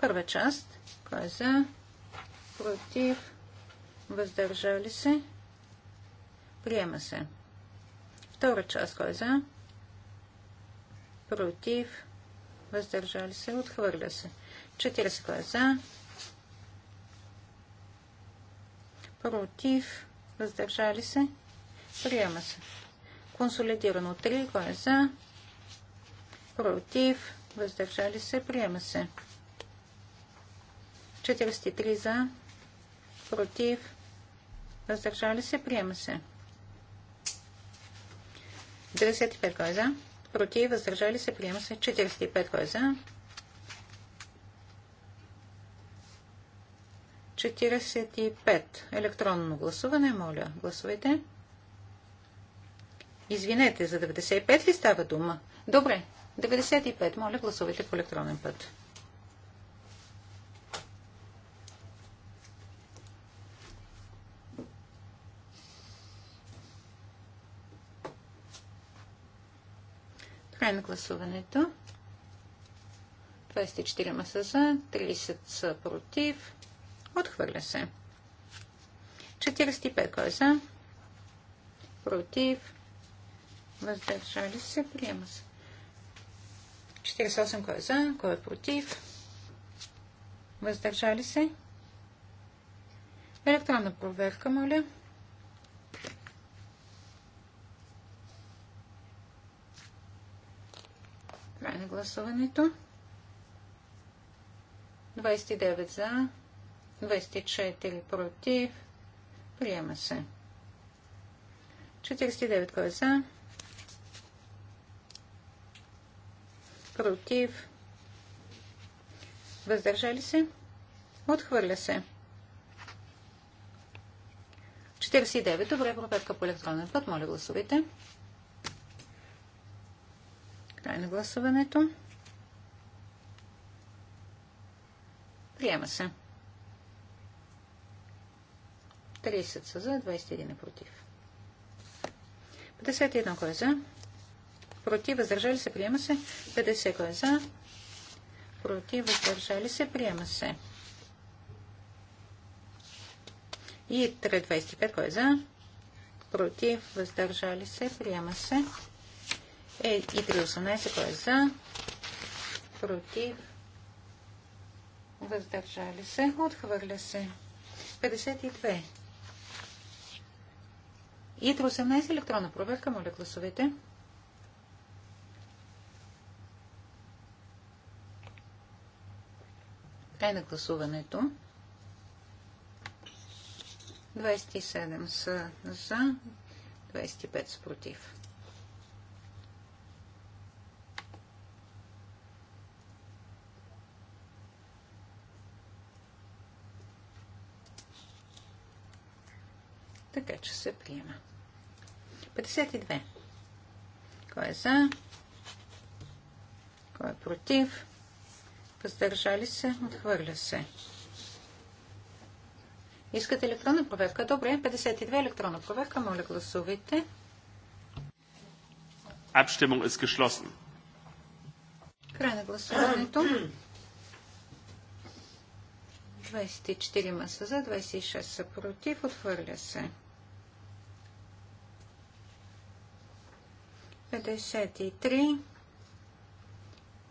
Speaker 2: първа част, кой е за, против, въздържали се, приема се. Втора част, кой е за, против, въздържали се, отхвърля се. 40 кой е за, против, въздържали се, приема се. Консолидирано 3, кой е за, против, въздържали се, приема се. 43 за, против, въздържали се, приема се. 95 кой е за, против, въздържали се, приема се. 45 кой е за, 45. Електронно гласуване, моля, гласувайте. Извинете, за 95 ли става дума? Добре, 95, моля, гласувайте по електронен път. Край на гласуването. 24 маса за, 30 са против. Отхвърля се. 45 кой е за? Против. Въздържали се. Приема се. 48 кой е за? Кой е против? Въздържали се. Електронна проверка, моля. Край на гласуването. 29 за, 24 против. Приема се. 49 кой е за? Против. Въздържали се? Отхвърля се. 49. Добре, проверка по електронен път. Моля, гласувайте. Край на гласуването. Приема се. 30 са за, 21 е против. 51 кой е за? Против, въздържали се, приема се. 50 кой е за? Против, въздържали се, приема се. И 3,25 кой е за? Против, въздържали се, приема се. Е, и 3.18, кой е за? Против. Въздържали се. Отхвърля се. 52. И 3.18 електронна проверка. Моля, гласовете. Край на гласуването. 27 са за, 25 са против. Така че се приема. 52. Кой е за? Кой е против? Въздържали се? Отхвърля се. Искате електронна проверка? Добре. 52 електронна проверка. Моля, гласувайте.
Speaker 1: Abstimmung е geschlossen.
Speaker 2: Край на гласуването. 24 са за, 26 са против. Отхвърля се. 53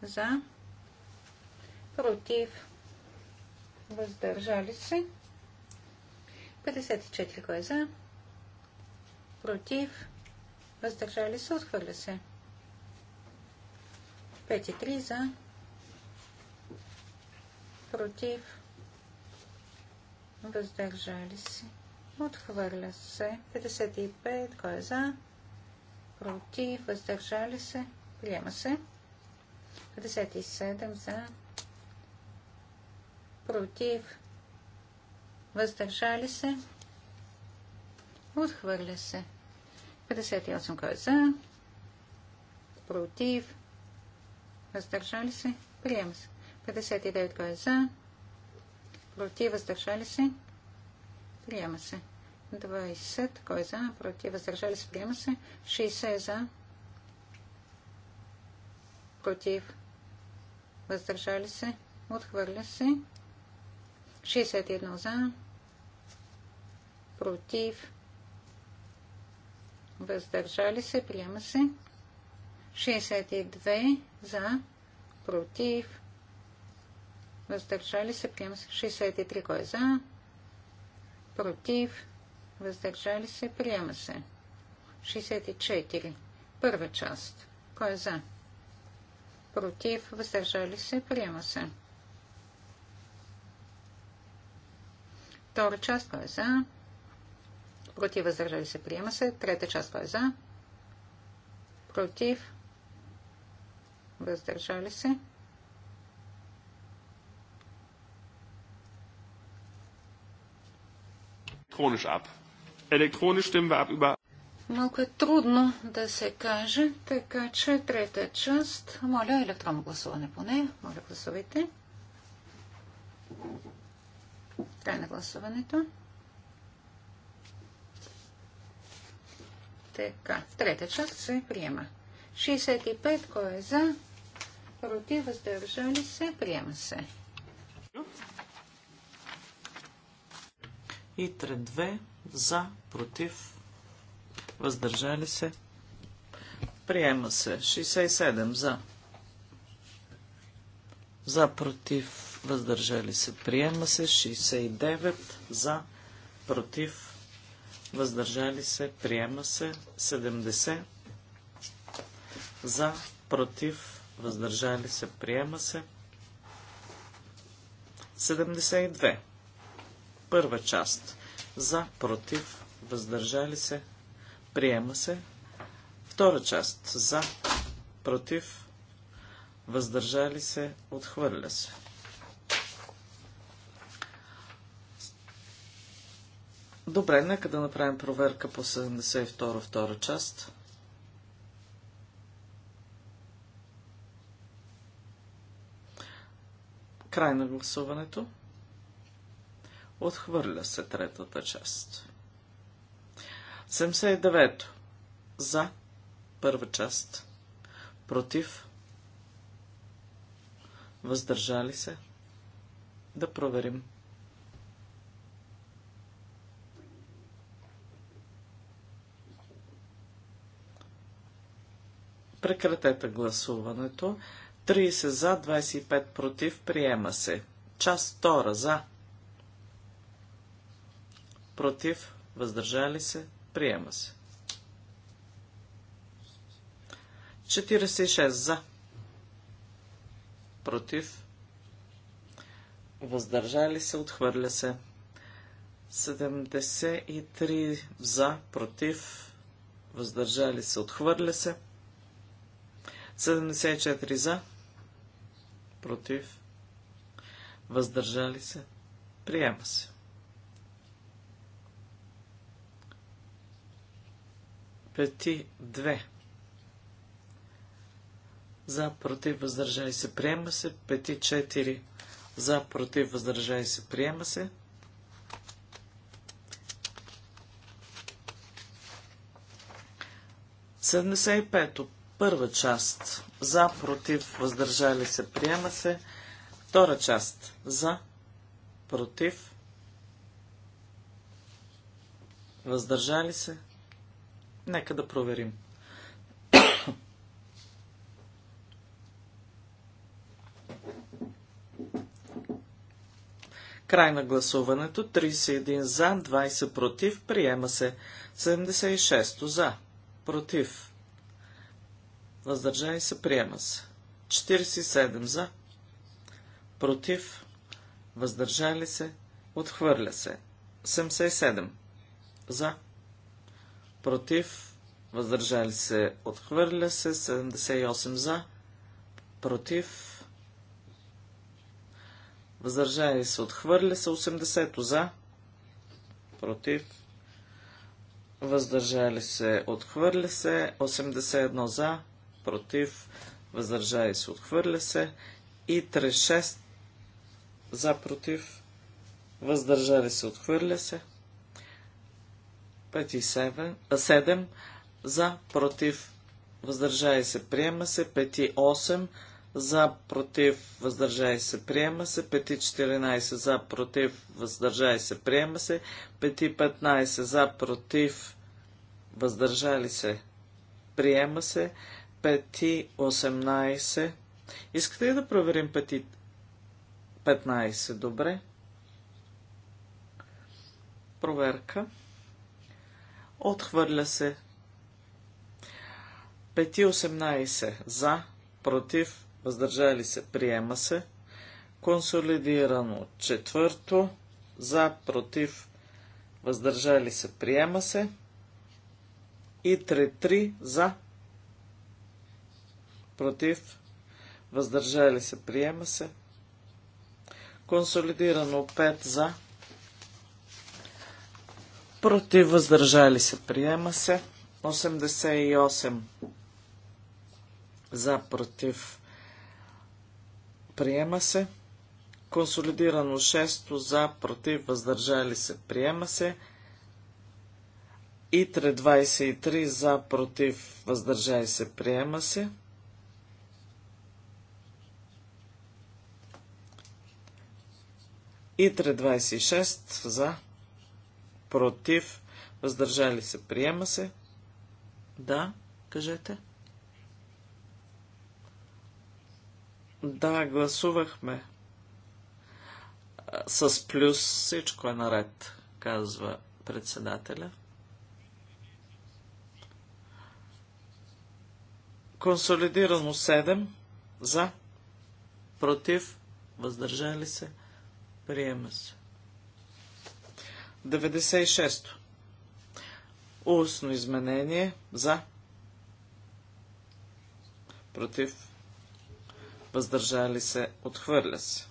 Speaker 2: за, против, въздържали се. 54 кой е за, против, въздържали се, отхвърля се. 5,3 за, против, въздържали се, отхвърля се. 55 кой е за, против, въздържали се, приема се. 57 за, против, въздържали се, отхвърля се. 58 кой е за, против, въздържали се, приема се. 59 кой е за, против, въздържали се, приема се. 20. Кой е за? Против. Въздържали се. Приема се. 60 за. Против. Въздържали се. Отхвърля се. 61 за. Против. Въздържали се. Приема се. 62 за. Против. Въздържали се. Приема се. 63 кой е за? Против въздържали се, приема се. 64. Първа част. Кой е за? Против, въздържали се, приема се. Втора част, кой е за? Против, въздържали се, приема се. Трета част, кой е за? Против, въздържали се. Chronisch ап електронни ще ab über... Малко е трудно да се каже, така че трета част. Моля, електронно гласуване по нея. Моля, гласувайте. Край на гласуването. Така, трета част се приема. 65, кой е за? Против, въздържали се, приема се.
Speaker 1: И 3-2 за, против, въздържали се. Приема се. 67 за. За, против, въздържали се. Приема се. 69 за, против, въздържали се. Приема се. 70 за, против, въздържали се. Приема се. 72. Първа част за, против, въздържали се, приема се. Втора част за, против, въздържали се, отхвърля се. Добре, нека да направим проверка по 72 втора част. Край на гласуването. Отхвърля се третата част. 79. За. Първа част. Против. Въздържали се. Да проверим. Прекратете гласуването. 30 за, 25 против, приема се. Част 2 за, против, въздържали се, приема се. 46 за, против, въздържали се, отхвърля се. 73 за, против, въздържали се, отхвърля се. 74 за, против, въздържали се, приема се. пети 2. За, против, въздържай се, приема се. Пети 4. За, против, въздържай се, приема се. Седмдесет пето. Първа част. За, против, въздържали се, приема се. Втора част. За, против, въздържали се, Нека да проверим. Край на гласуването. 31 за, 20 против. Приема се. 76 за. Против. Въздържани се. Приема се. 47 за. Против. Въздържали се. Отхвърля се. 77 за против, въздържали се, отхвърля се, 78 за, против, въздържали се, отхвърля се, 80 за, против, въздържали се, отхвърля се, 81 за, против, въздържали се, отхвърля се и 36 за, против, въздържали се, отхвърля се. 5 и 7, 7 за, против, въздържали се, приема се, 5 и 8 за, против, въздържали се, приема се, 5 и 14 за, против, въздържали се, приема се, 5 и 15 за, против, въздържали се, приема се, 5 и 18. Искате ли да проверим 5 и 15? Добре. Проверка. Отхвърля се. 5.18. За, против, въздържали се, приема се. Консолидирано. Четвърто. За, против, въздържали се, приема се. И 3.3. За, против, въздържали се, приема се. Консолидирано 5 за, против, въздържали се, приема се. 88 за, против, приема се. Консолидирано 6 за, против, въздържали се, приема се. И 323 за, против, въздържали се, приема се. И 326 за, против, въздържали се, приема се. Да, кажете. Да, гласувахме. С плюс всичко е наред, казва председателя. Консолидирано 7 за, против, въздържали се, приема се. 96. Устно изменение за. Против. Въздържали се. Отхвърля се.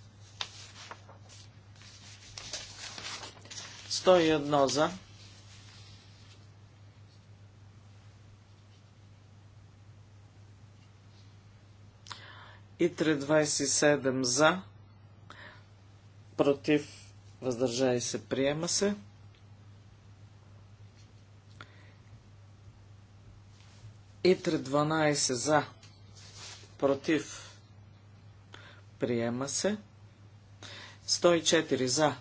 Speaker 1: 101 за. И 327 за. Против въздържали се, приема се. Итре 12 за, против, приема се. 104 за,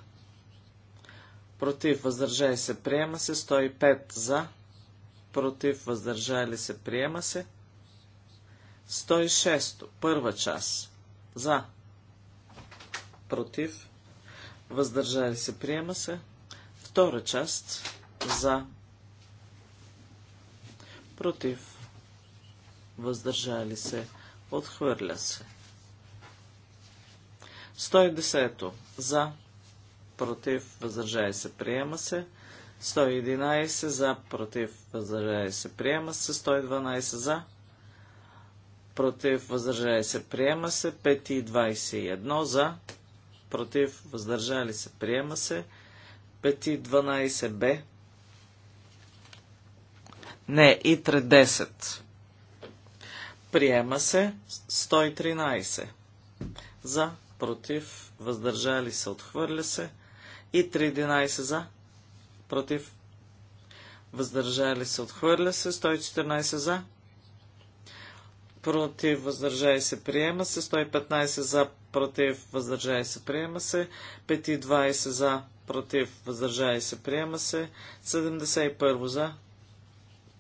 Speaker 1: против, въздържали се, приема се. 105 за, против, въздържали се, приема се. 106. Първа част. За. Против въздържали се, приема се. Втора част за, против, въздържали се, отхвърля се. 110. За, против, въздържали се, приема се. 111 за, против, въздържали се, приема се. 112 за, против, въздържали се, приема се. 5 и 21 за, против, въздържали се, приема се. 5.12b. Не, и 3.10. Приема се 113. За, против, въздържали се, отхвърля се. И 3.11 за, против, въздържали се, отхвърля се. 114 за, против, въздържали се, приема се. 115 за, против, въздържай се, приема се. 5,20 за, против, въздържай се, приема се. 71 за,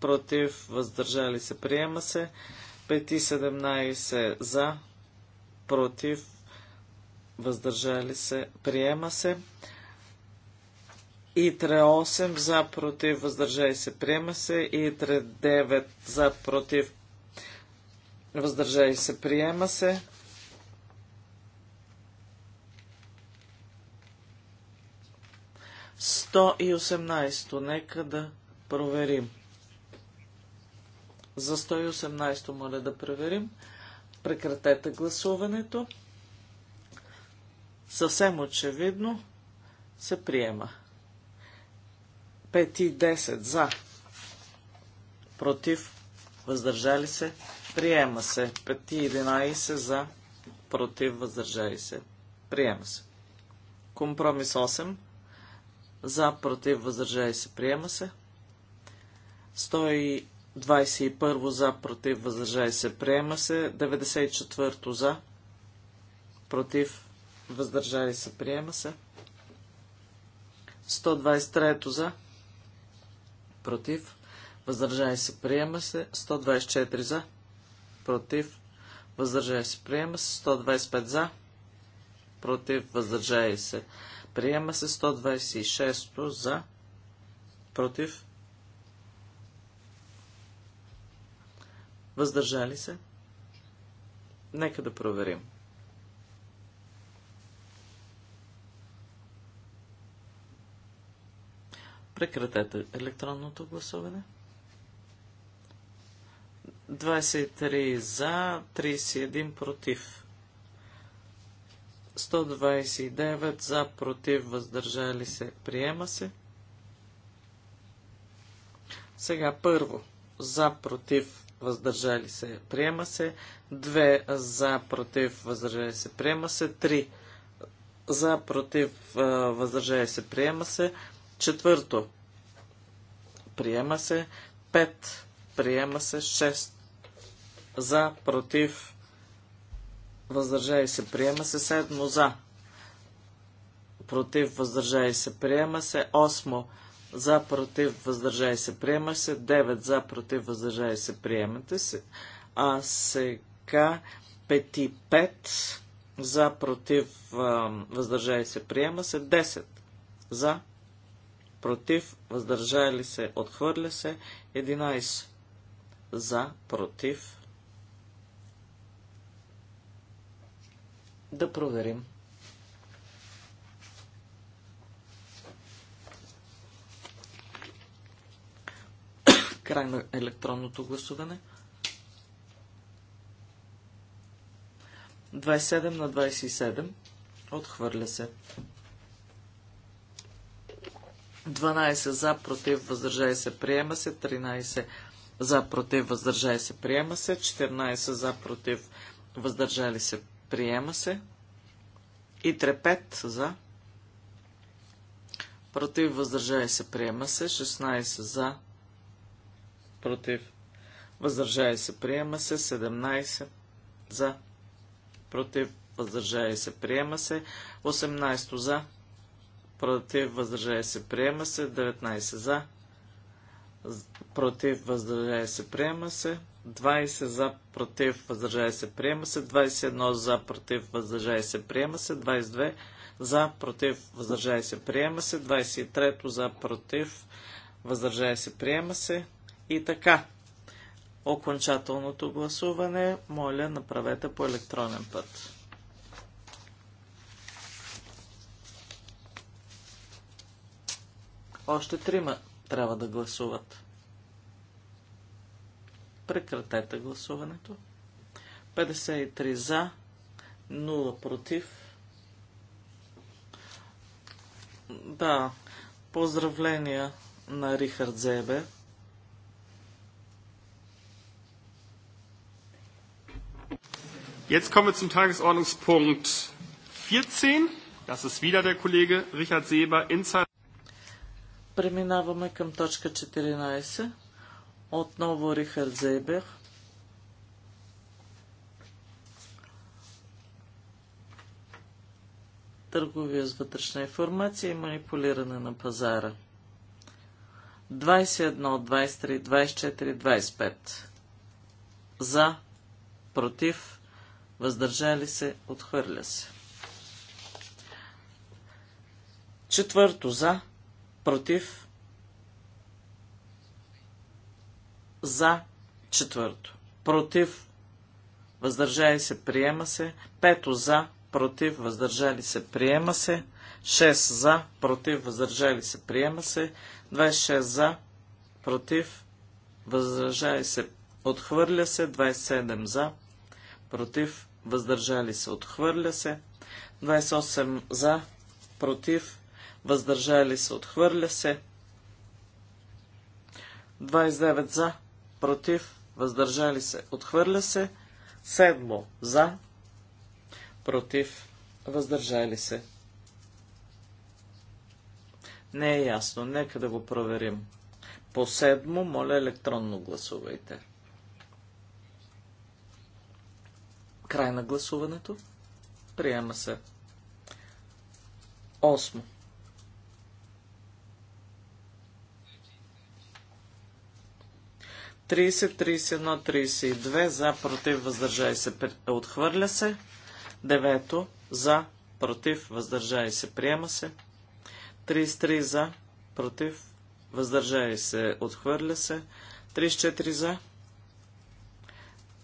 Speaker 1: против, въздържали се, приема се. 5,17 за, против, въздържали се, приема се. И 8 за, против, въздържай се, приема се. Итре 9 за, против, въздържай се, приема се. 118. Нека да проверим. За 118 моля да проверим. Прекратете гласуването. Съвсем очевидно се приема. 5 и 10 за. Против. Въздържали се. Приема се. 5 и 11 за. Против. Въздържали се. Приема се. Компромис 8 за, против, въздържали се, приема се. 121 за, против, въздържали се, приема се. 94 за, против, въздържали се, приема се. 123 за, против, въздържали се, приема се. 124 за, против, въздържали се, приема се. 125 за, против, въздържали се, Приема се 126 за, против, въздържали се. Нека да проверим. Прекратете електронното гласуване. 23 за, 31 против. 129 за, против, въздържали се, приема се. Сега първо, за, против, въздържали се, приема се. 2 за, против, въздържали се, приема се. 3 за, против, въздържали се, приема се. Четвърто, приема се. 5 приема се. 6 за, против, въздържали се, приема се. Седмо за, против, въздържали се, приема се. Осмо за, против, въздържали се, приема се. Девет за, против, въздържали се, приемате се. А сега пети, пет за, против, въздържали се, приема се. Десет за, против, въздържали се, отхвърля се. единайс за, против, Да проверим. Край на електронното гласуване. 27 на 27. Отхвърля се. 12 за, против, въздържай се, приема се. 13 за, против, въздържай се, приема се. 14 за, против, въздържали се, Приема се. И трепет за. Против въздържае се. Приема се. 16 за. Против. въздържае се. Приема се. 17 за. Против. въздържае се. Приема се. 18 за. Против. въздържае се. Приема се. 19 за. Против. въздържае се. Приема се. 20 за, против, въздържали се, приема се. 21 за, против, въздържали се, приема се. 22 за, против, въздържали се, приема се. 23 за, против, въздържали се, приема се. И така. Окончателното гласуване, моля, направете по електронен път. Още трима трябва да гласуват. Прекратете гласуването. 53 за, 0 против. Да, поздравления на Рихард Зебе. Jetzt kommen wir zum Tagesordnungspunkt
Speaker 2: 14. Das ist wieder der Kollege Richard Seber. Inside
Speaker 1: Преминаваме към точка 14. Отново Рихард Зейбех. Търговия с вътрешна информация и манипулиране на пазара. 21, 23, 24, 25. За, против, въздържали се, отхвърля се. Четвърто за, против, за четвърто. Против. Въздържали се. Приема се. Пето за. Против. Въздържали се. Приема се. 6 за. Против. Въздържали се. Приема се. 26 за. Против. Въздържали се. Отхвърля се. 27 за. Против. Въздържали се. Отхвърля се. 28 за. Против. Въздържали се. Отхвърля се. 29 за против, въздържали се, отхвърля се. Седмо за, против, въздържали се. Не е ясно, нека да го проверим. По седмо, моля електронно гласувайте. Край на гласуването. Приема се. Осмо. 30, 31, 32 за, против, въздържай се, отхвърля се. 9 значи за, против, въздържай се, приема се. 33 за, против, въздържай се, отхвърля се. 34 за,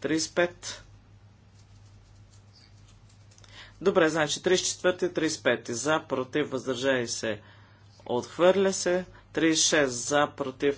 Speaker 1: 35. Добре, значи 34, 35 за, против, въздържай се, отхвърля се. 36 за, против,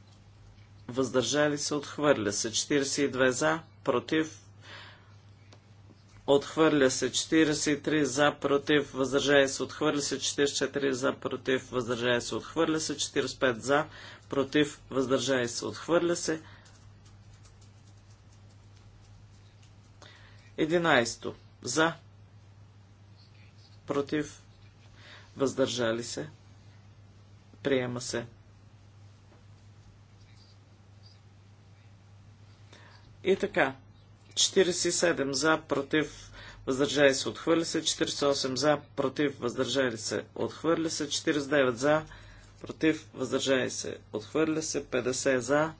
Speaker 1: въздържали се, отхвърля се. 42 за, против, отхвърля се. 43 за, против, въздържали се, отхвърля се. 44 за, против, въздържали се, отхвърля се. 45 за, против, въздържали се, отхвърля се. 11. За. Против. Въздържали се. Приема се. И така. 47 за, против, въздържали се, отхвърли се. 48 за, против, въздържали се, отхвърли се. 49 за, против, въздържали се, отхвърля се. 50 за,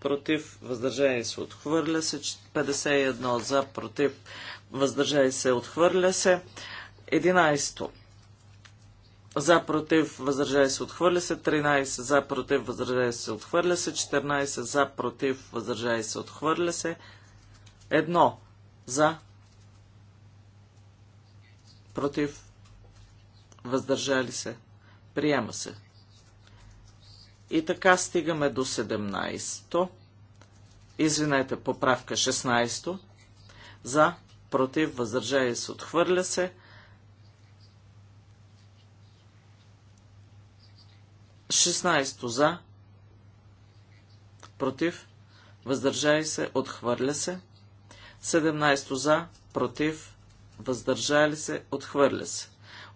Speaker 1: против, въздържали се, отхвърля се. 51 за, против, въздържали се, отхвърля се. 11 за против въздържали се отхвърля се, 13 за против въздържали се отхвърля се, 14 за против въздържали се отхвърля се, 1 за против въздържали се, приема се. И така стигаме до 17-то. Извинете, поправка 16-то. За, против, въздържали се, отхвърля се. 16 за, против, въздържали се, отхвърля се. 17 за, против, въздържали се, отхвърля се.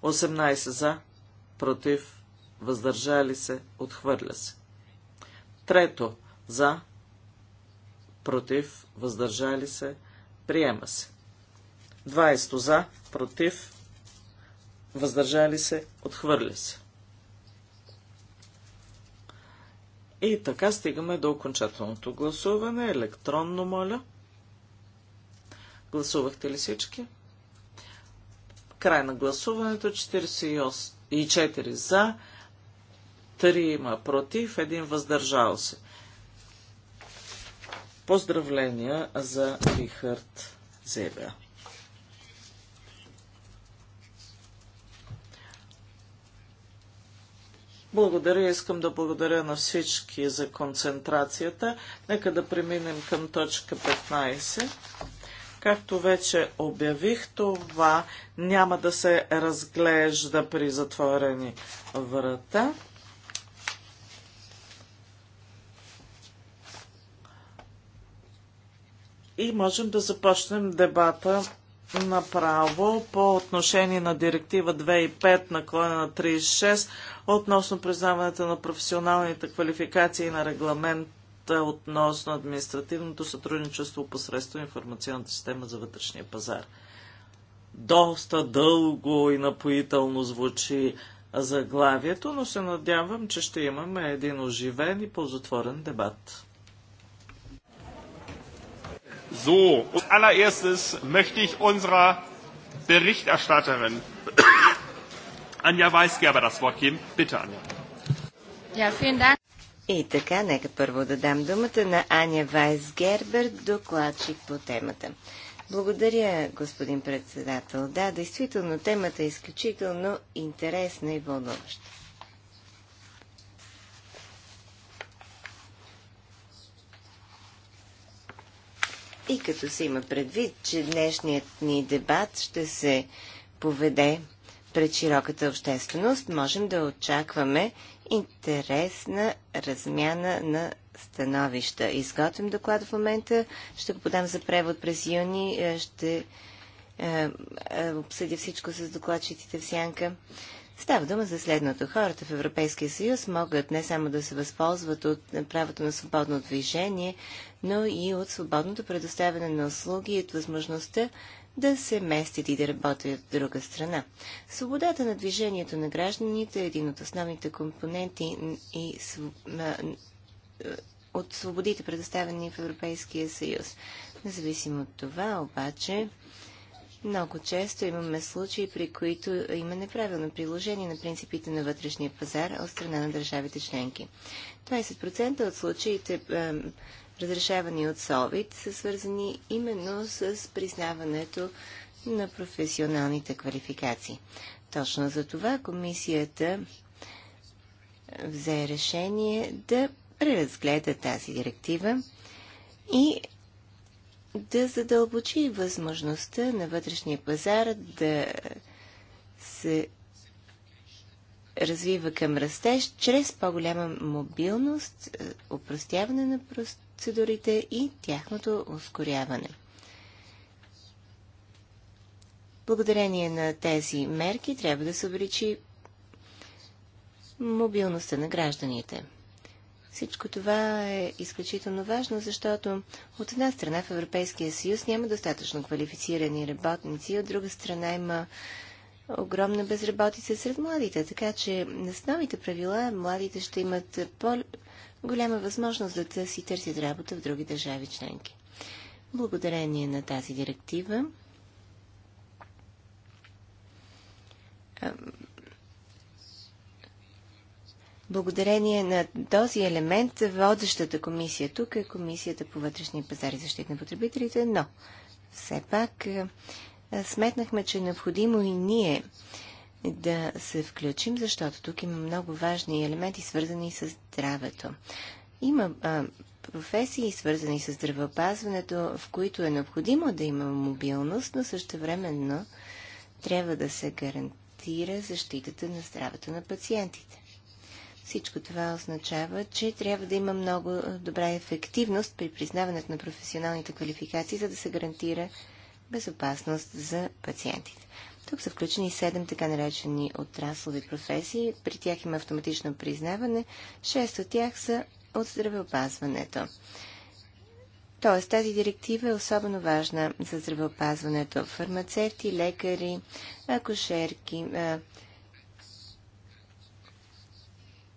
Speaker 1: 18 за, против, въздържали се, отхвърля се. Трето за, против, въздържали се, приема се. 20 за, против, въздържали се, отхвърля се. И така стигаме до окончателното гласуване. Електронно, моля. Гласувахте ли всички? Край на гласуването 44 за, 3 има против, 1 въздържал се. Поздравления за Рихард Зебя. Благодаря. Искам да благодаря на всички за концентрацията. Нека да преминем към точка 15. Както вече обявих, това няма да се разглежда при затворени врата. И можем да започнем дебата направо по отношение на директива 2005 наклона на 36 относно признаването на професионалните квалификации на регламент относно административното сътрудничество посредством информационната система за вътрешния пазар. Доста дълго и напоително звучи заглавието, но се надявам, че ще имаме един оживен и ползотворен дебат. So, als allererstes möchte
Speaker 3: ich
Speaker 2: unserer Berichterstatterin Anja Weisgerber das Wort geben. Bitte, Anja.
Speaker 3: Ja, vielen Dank. И така, нека първо да дам думата на Аня Вайсгербер, докладчик по темата. Благодаря, господин председател. Да, действително темата е изключително интересна и вълнуваща. И като се има предвид, че днешният ни дебат ще се поведе пред широката общественост, можем да очакваме интересна размяна на становища. Изготвям доклад в момента, ще го подам за превод през юни, е, ще е, е, обсъдя всичко с докладчиците в сянка. Става дума за следното. Хората в Европейския съюз могат не само да се възползват от правото на свободно движение, но и от свободното предоставяне на услуги и от възможността да се местят и да работят в друга страна. Свободата на движението на гражданите е един от основните компоненти и от свободите, предоставени в Европейския съюз. Независимо от това, обаче, много често имаме случаи, при които има неправилно приложение на принципите на вътрешния пазар от страна на държавите членки. 20% от случаите, разрешавани от СОВИД, са свързани именно с признаването на професионалните квалификации. Точно за това комисията взе решение да преразгледа тази директива и да задълбочи възможността на вътрешния пазар да се развива към растеж чрез по-голяма мобилност, е, упростяване на процедурите и тяхното ускоряване. Благодарение на тези мерки трябва да се увеличи мобилността на гражданите. Всичко това е изключително важно, защото от една страна в Европейския съюз няма достатъчно квалифицирани работници, от друга страна има огромна безработица сред младите, така че на новите правила младите ще имат по-голяма възможност да си търсят работа в други държави членки. Благодарение на тази директива Благодарение на този елемент, водещата комисия тук е Комисията по вътрешни пазар и защита на потребителите, но все пак е, е, сметнахме, че е необходимо и ние да се включим, защото тук има много важни елементи, свързани с здравето. Има а, професии, свързани с здравеопазването, в които е необходимо да има мобилност, но същевременно трябва да се гарантира защитата на здравето на пациентите. Всичко това означава, че трябва да има много добра ефективност при признаването на професионалните квалификации, за да се гарантира безопасност за пациентите. Тук са включени седем така наречени отраслови професии. При тях има автоматично признаване. 6 от тях са от здравеопазването. Тоест, тази директива е особено важна за здравеопазването. Фармацевти, лекари, акушерки,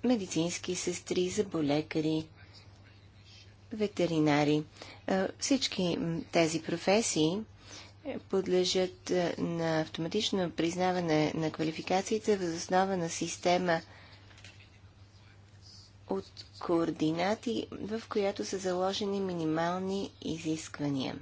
Speaker 3: медицински сестри, заболекари, ветеринари. Всички тези професии е, подлежат е, на автоматично признаване на квалификациите въз основа на система от координати, в която са заложени минимални изисквания.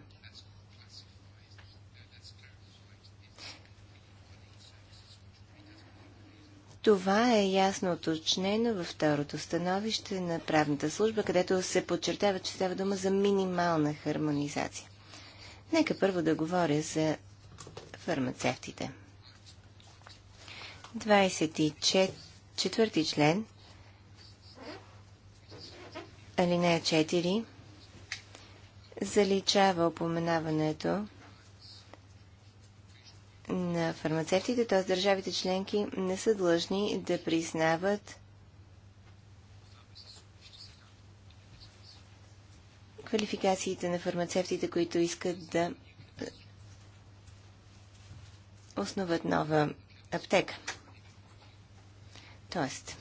Speaker 3: Това е ясно уточнено във второто становище на правната служба, където се подчертава, че става дума за минимална хармонизация. Нека първо да говоря за фармацевтите. 24 член, алинея 4, заличава упоменаването на фармацевтите, т.е. държавите членки не са длъжни да признават квалификациите на фармацевтите, които искат да основат нова аптека. Тоест,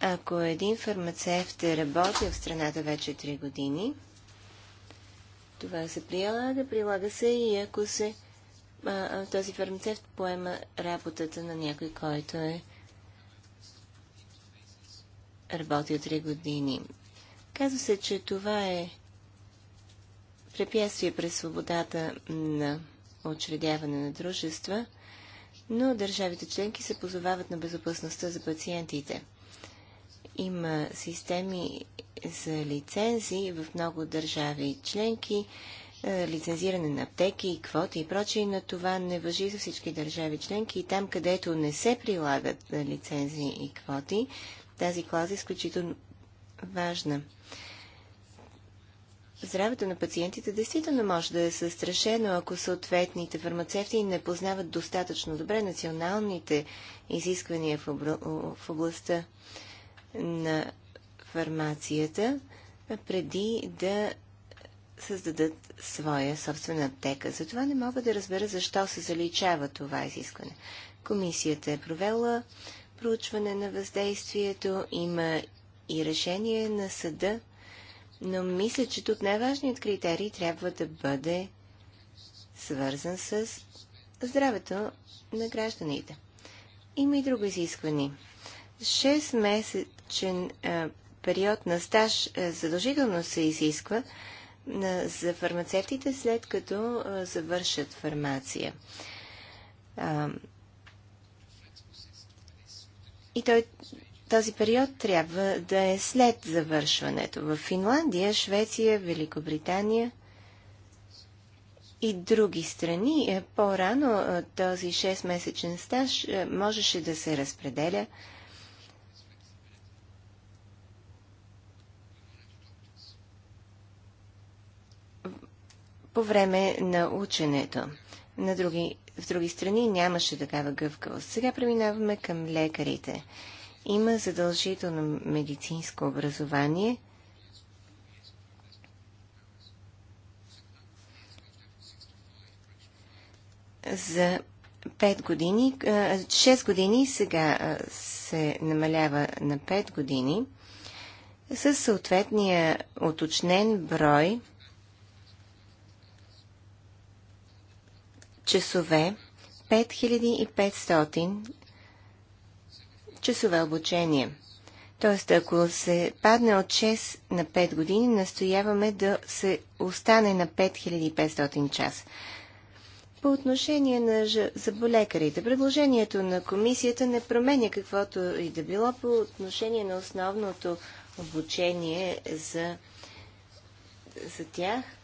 Speaker 3: ако един фармацевт е работил в страната вече 3 години, това се прилага, прилага се и ако се този фармацевт поема работата на някой, който е работил 3 години. Казва се, че това е препятствие през свободата на учредяване на дружества, но държавите членки се позовават на безопасността за пациентите. Има системи за лицензии в много държави членки, е, лицензиране на аптеки, квоти и прочие, но това не въжи за всички държави членки и там, където не се прилагат е, лицензии и квоти, тази клауза е изключително важна. Здравето на пациентите действително може да е състрашено, ако съответните фармацевти не познават достатъчно добре националните изисквания в областта на фармацията, преди да създадат своя собствена аптека. Затова не мога да разбера защо се заличава това изискване. Комисията е провела проучване на въздействието, има и решение на съда, но мисля, че тук най-важният критерий трябва да бъде свързан с здравето на гражданите. Има и друго изискване. Шест месечен период на стаж задължително се изисква, за фармацевтите след като завършат фармация. И той, този период трябва да е след завършването. В Финландия, Швеция, Великобритания и други страни е, по-рано този 6-месечен стаж е, можеше да се разпределя по време на ученето. На други, в други страни нямаше такава гъвкавост. Сега преминаваме към лекарите. Има задължително медицинско образование. За 5 години, 6 години сега се намалява на 5 години с съответния уточнен брой часове, 5500 часове обучение. Тоест, ако се падне от 6 на 5 години, настояваме да се остане на 5500 час. По отношение на заболекарите, предложението на комисията не променя каквото и да било по отношение на основното обучение за, за тях –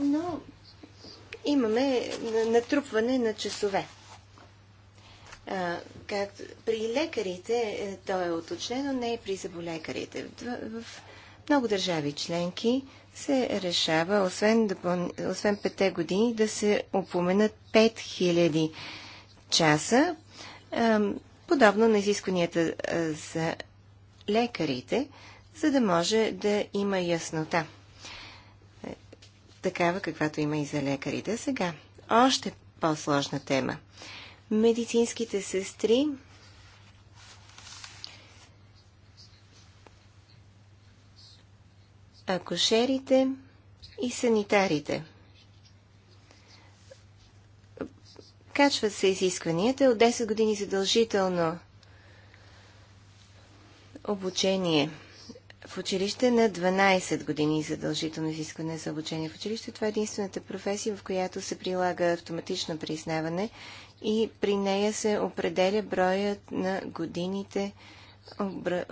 Speaker 3: но имаме натрупване на часове. А, как, при лекарите е, то е оточнено, не и при заболекарите. В, в много държави членки се решава, освен, допъл... освен 5 години, да се упоменат 5000 часа, а, подобно на изискванията за лекарите, за да може да има яснота такава, каквато има и за лекарите. Сега, още по-сложна тема. Медицинските сестри акушерите и санитарите. Качват се изискванията от 10 години задължително обучение – в училище на 12 години задължително изискване за обучение в училище. Това е единствената професия, в която се прилага автоматично признаване и при нея се определя броят на годините обра...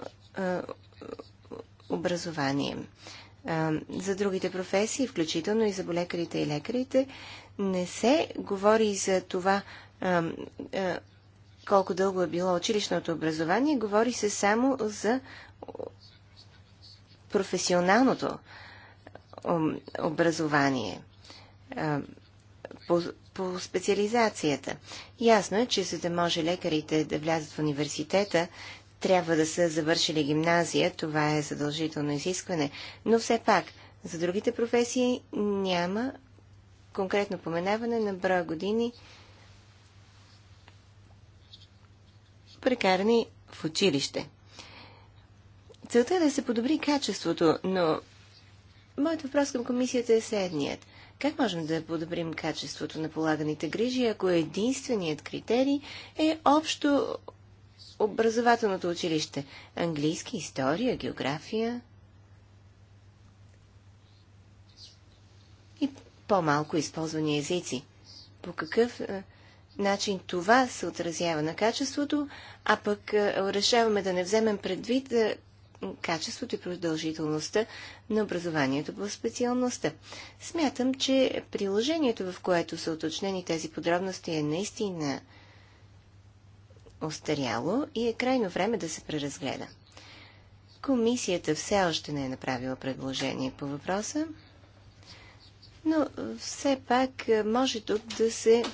Speaker 3: образование. За другите професии, включително и за болекарите и лекарите, не се говори за това колко дълго е било училищното образование, говори се само за професионалното образование, по, по специализацията. Ясно е, че за да може лекарите да влязат в университета, трябва да са завършили гимназия, това е задължително изискване, но все пак за другите професии няма конкретно поменаване на броя години прекарани в училище. Целта е да се подобри качеството, но моят въпрос към комисията е следният. Как можем да подобрим качеството на полаганите грижи, ако единственият критерий е общо образователното училище? Английски, история, география? И по-малко използвани езици. По какъв е, начин това се отразява на качеството, а пък е, решаваме да не вземем предвид е, качеството и продължителността на образованието в специалността. Смятам, че приложението, в което са уточнени тези подробности, е наистина остаряло и е крайно време да се преразгледа. Комисията все още не е направила предложение по въпроса, но все пак е, може тук да се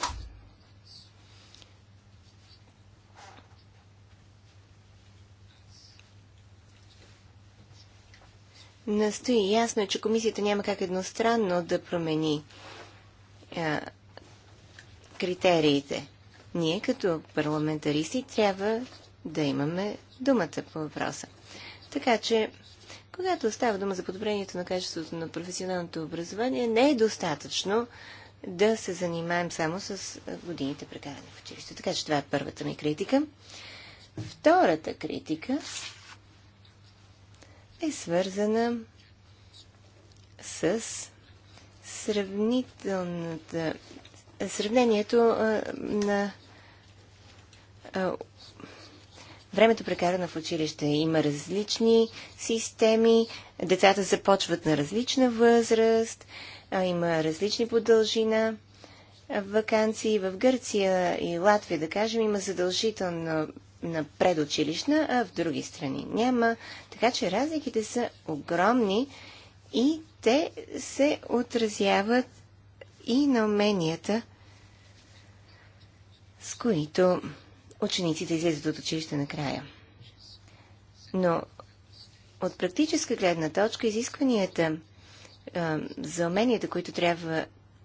Speaker 3: настои. Ясно е, че комисията няма как едностранно да промени а, критериите. Ние като парламентаристи трябва да имаме думата по въпроса. Така че, когато става дума за подобрението на качеството на професионалното образование, не е достатъчно да се занимаем само с годините прекарани в училище. Така че това е първата ми критика. Втората критика е свързана с сравнителната, е, сравнението а, е, на а, е, времето прекарано в училище. Има различни системи, децата започват на различна възраст, а, има различни по дължина вакансии в Гърция и Латвия, да кажем, има задължително на предучилищна, а в други страни няма. Така че разликите са огромни и те се отразяват и на уменията, с които учениците излизат от училище накрая. Но от практическа гледна точка изискванията за уменията, които трябва,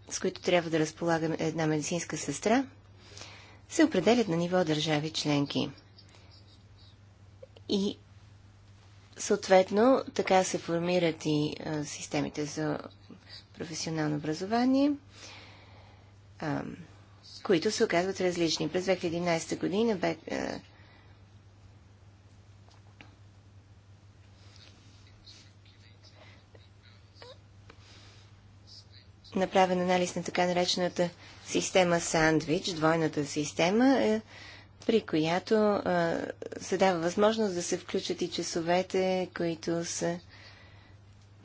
Speaker 3: с които трябва да разполага една медицинска сестра, се определят на ниво държави членки. И съответно така се формират и а, системите за професионално образование, а, които се оказват различни. През 2011 година бе а, направен анализ на така наречената система Сандвич, двойната система, е, при която а, се дава възможност да се включат и часовете, които са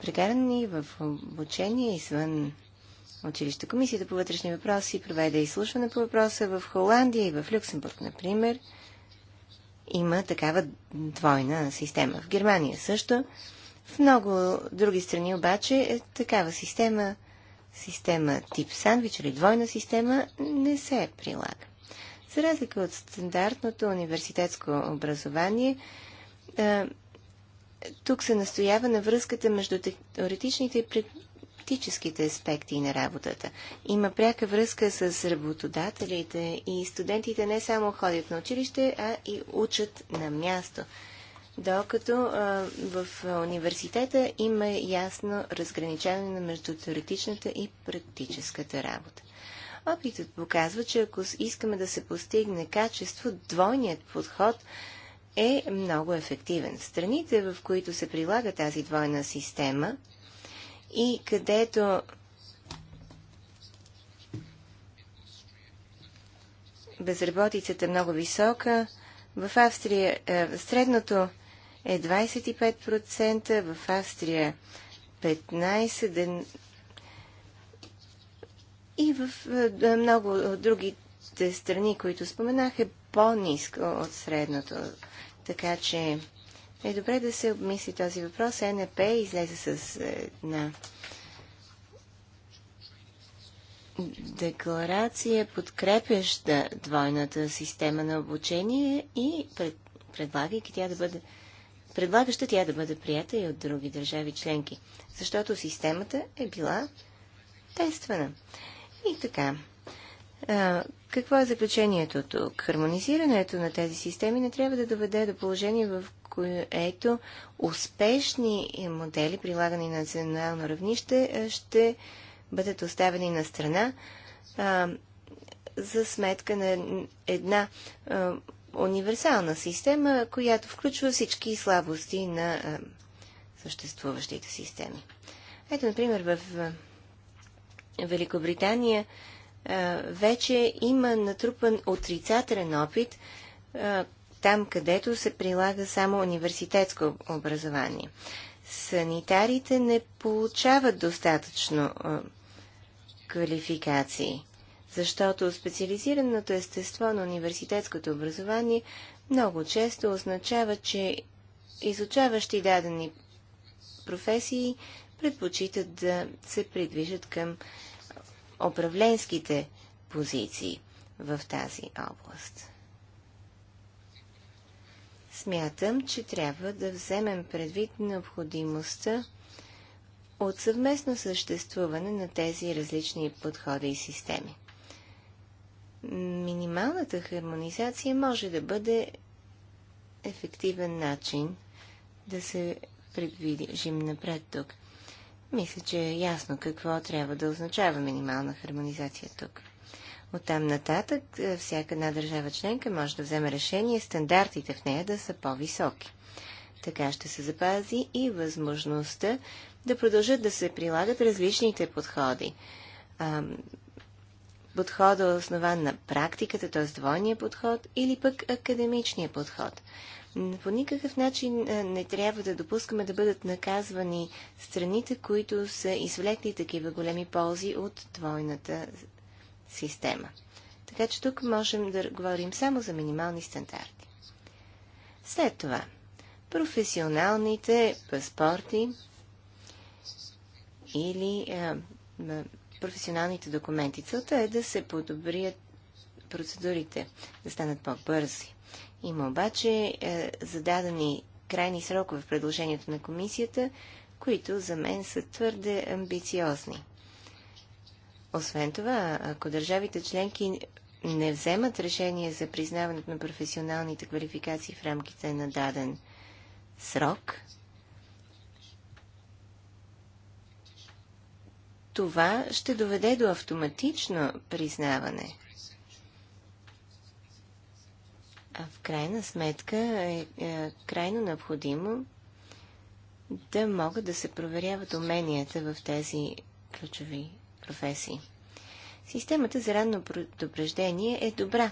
Speaker 3: прекарани в обучение извън училище. Комисията по вътрешни въпроси проведе изслушване по въпроса в Холандия и в Люксембург, например. Има такава двойна система. В Германия също. В много други страни обаче е такава система, система тип сандвич или двойна система не се прилага. За разлика от стандартното университетско образование, е, тук се настоява на връзката между теоретичните и практическите аспекти на работата. Има пряка връзка с работодателите и студентите не само ходят на училище, а и учат на място. Докато а, в университета има ясно разграничаване между теоретичната и практическата работа. Опитът показва, че ако искаме да се постигне качество, двойният подход е много ефективен. Страните, в които се прилага тази двойна система и където безработицата е много висока, в Австрия е, средното е 25%, в Австрия 15%, и в е, много от другите страни, които споменах, е по-низко от средното. Така че е добре да се обмисли този въпрос. Е НП излезе с една декларация, подкрепяща двойната система на обучение и предлагайки тя да бъде предлагаща тя да бъде прията и от други държави членки, защото системата е била тествана. И така. А, какво е заключението тук? Хармонизирането на тези системи не трябва да доведе до положение, в което успешни модели, прилагани на национално равнище, ще бъдат оставени на страна а, за сметка на една а, универсална система, която включва всички слабости на а, съществуващите системи. Ето, например, в Великобритания вече има натрупан отрицателен опит там, където се прилага само университетско образование. Санитарите не получават достатъчно квалификации, защото специализираното естество на университетското образование много често означава, че изучаващи дадени професии предпочитат да се придвижат към управленските позиции в тази област. Смятам, че трябва да вземем предвид необходимостта от съвместно съществуване на тези различни подходи и системи. Минималната хармонизация може да бъде ефективен начин да се предвидим напред тук. Мисля, че е ясно какво трябва да означава минимална хармонизация тук. От там нататък е, всяка една държава членка може да вземе решение стандартите в нея да са по-високи. Така ще се запази и възможността да продължат да се прилагат различните подходи. Подходът подхода основан на практиката, т.е. двойния подход или пък академичния подход. По никакъв начин е, не трябва да допускаме да бъдат наказвани страните, които са извлекли такива големи ползи от двойната система. Така че тук можем да говорим само за минимални стандарти. След това, професионалните паспорти или а, е, професионалните документи. Целта е да се подобрят процедурите да станат по-бързи. Има обаче е, зададени крайни срокове в предложението на комисията, които за мен са твърде амбициозни. Освен това, ако държавите членки не вземат решение за признаването на професионалните квалификации в рамките на даден срок, това ще доведе до автоматично признаване в крайна сметка е, е крайно необходимо да могат да се проверяват уменията в тези ключови професии. Системата за ранно предупреждение е добра,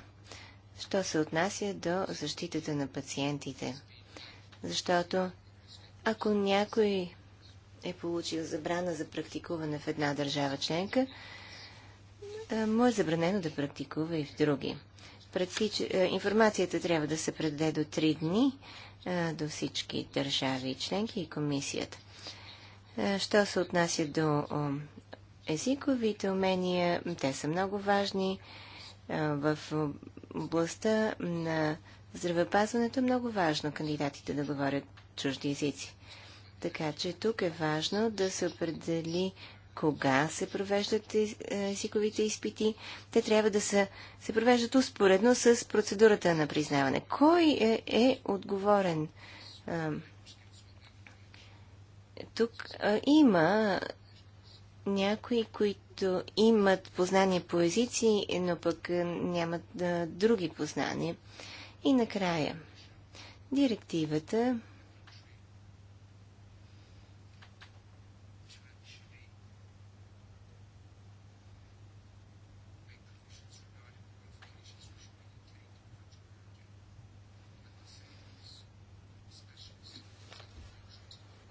Speaker 3: що се отнася до защитата на пациентите. Защото ако някой е получил забрана за практикуване в една държава членка, му е забранено да практикува и в други предпич... Е, информацията трябва да се предаде до 3 дни е, до всички държави и членки и комисията. Е, що се отнася до езиковите умения, те са много важни. В областта на здравеопазването е много важно кандидатите да говорят чужди езици. Така че тук е важно да се определи кога се провеждат е, езиковите изпити. Те трябва да са, се провеждат успоредно с процедурата на признаване. Кой е, е отговорен? А, тук а, има някои, които имат познания по езици, но пък нямат а, други познания. И накрая, директивата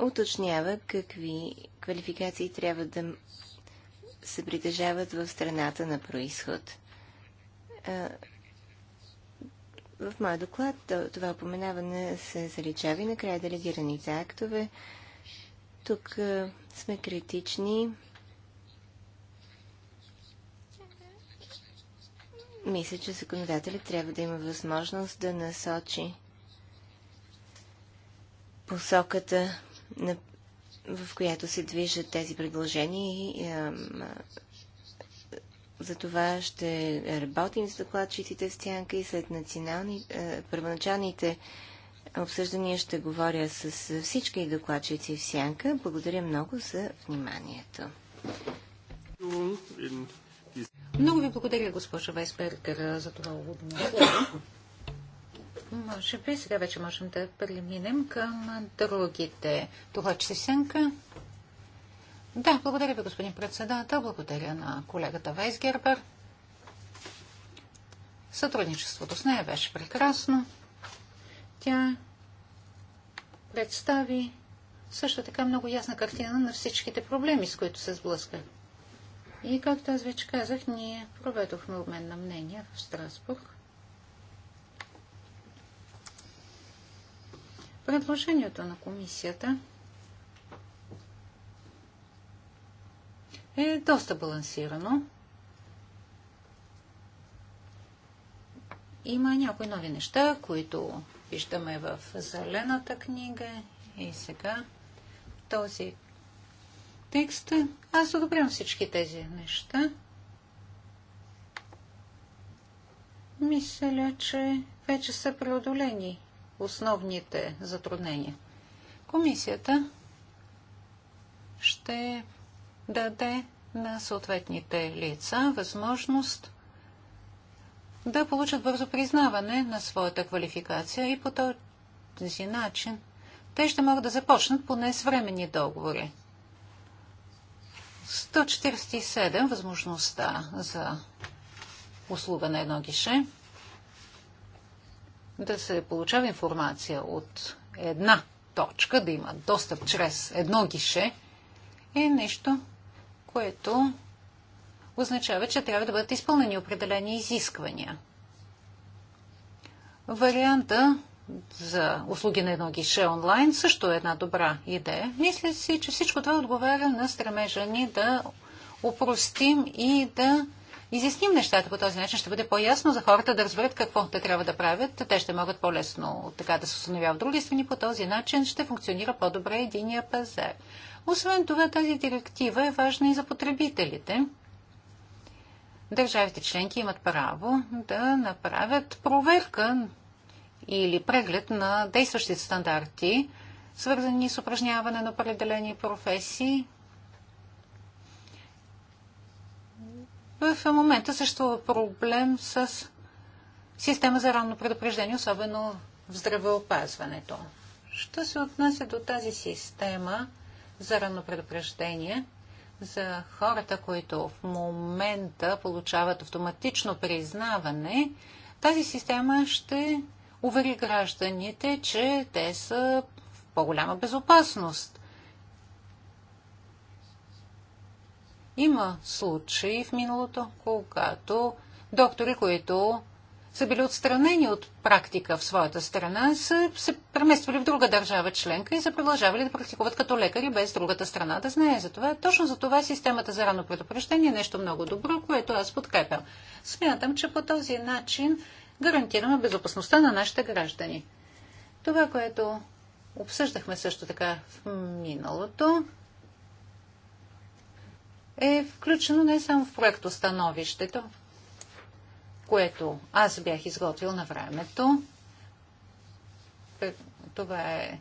Speaker 3: уточнява какви квалификации трябва да се притежават в страната на происход. В моя доклад това упоменаване се заличава и накрая делегираните актове. Тук сме критични. Мисля, че законодателят трябва да има възможност да насочи посоката в която се движат тези предложения и за това ще работим с докладчиците в Сянка и след национални, първоначалните обсъждания ще говоря с всички докладчици в Сянка. Благодаря много за вниманието.
Speaker 2: Много ви благодаря, госпожа Вайсбергер, за това уводно може би сега вече можем да преминем към другите. Това че сенка. Да, благодаря ви, господин председател. Благодаря на колегата Вайсгербер. Сътрудничеството с нея беше прекрасно. Тя представи също така много ясна картина на всичките проблеми, с които се сблъска. И както аз вече казах, ние проведохме обмен на мнения в Страсбург. Предложението на комисията е доста балансирано. Има някои нови неща, които виждаме в зелената книга и сега този текст. Аз одобрям всички тези неща. Мисля, че вече са преодолени основните затруднения. Комисията ще даде на съответните лица възможност да получат бързо признаване на своята квалификация и по този начин те ще могат да започнат поне с временни договори. 147 възможността за услуга на едно гише да се получава информация от една точка, да има достъп чрез едно гише, е нещо, което означава, че трябва да бъдат изпълнени определени изисквания. Варианта за услуги на едно гише онлайн също е една добра идея. Мисля си, че всичко това отговаря на стремежа ни да упростим и да изясним нещата по този начин, ще бъде по-ясно за хората да разберат какво те трябва да правят. Те ще могат по-лесно така да се установяват други страни. По този начин ще функционира по-добре единия пазар. Освен това, тази директива е важна и за потребителите. Държавите членки имат право да направят проверка или преглед на действащите стандарти, свързани с упражняване на определени професии В момента съществува проблем с система за ранно предупреждение, особено в здравеопазването. Що се отнася до тази система за ранно предупреждение, за хората, които в момента получават автоматично признаване, тази система ще увери гражданите, че те са в по-голяма безопасност. Има случаи в миналото, когато доктори, които са били отстранени от практика в своята страна, са се премествали в друга държава членка и са продължавали да практикуват като лекари без другата страна да знае за това. Точно за това системата за рано предупреждение е нещо много добро, което аз подкрепям. Смятам, че по този начин гарантираме безопасността на нашите граждани. Това, което обсъждахме също така в миналото, е включено не само в проектостановището, което аз бях изготвил на времето. Това е,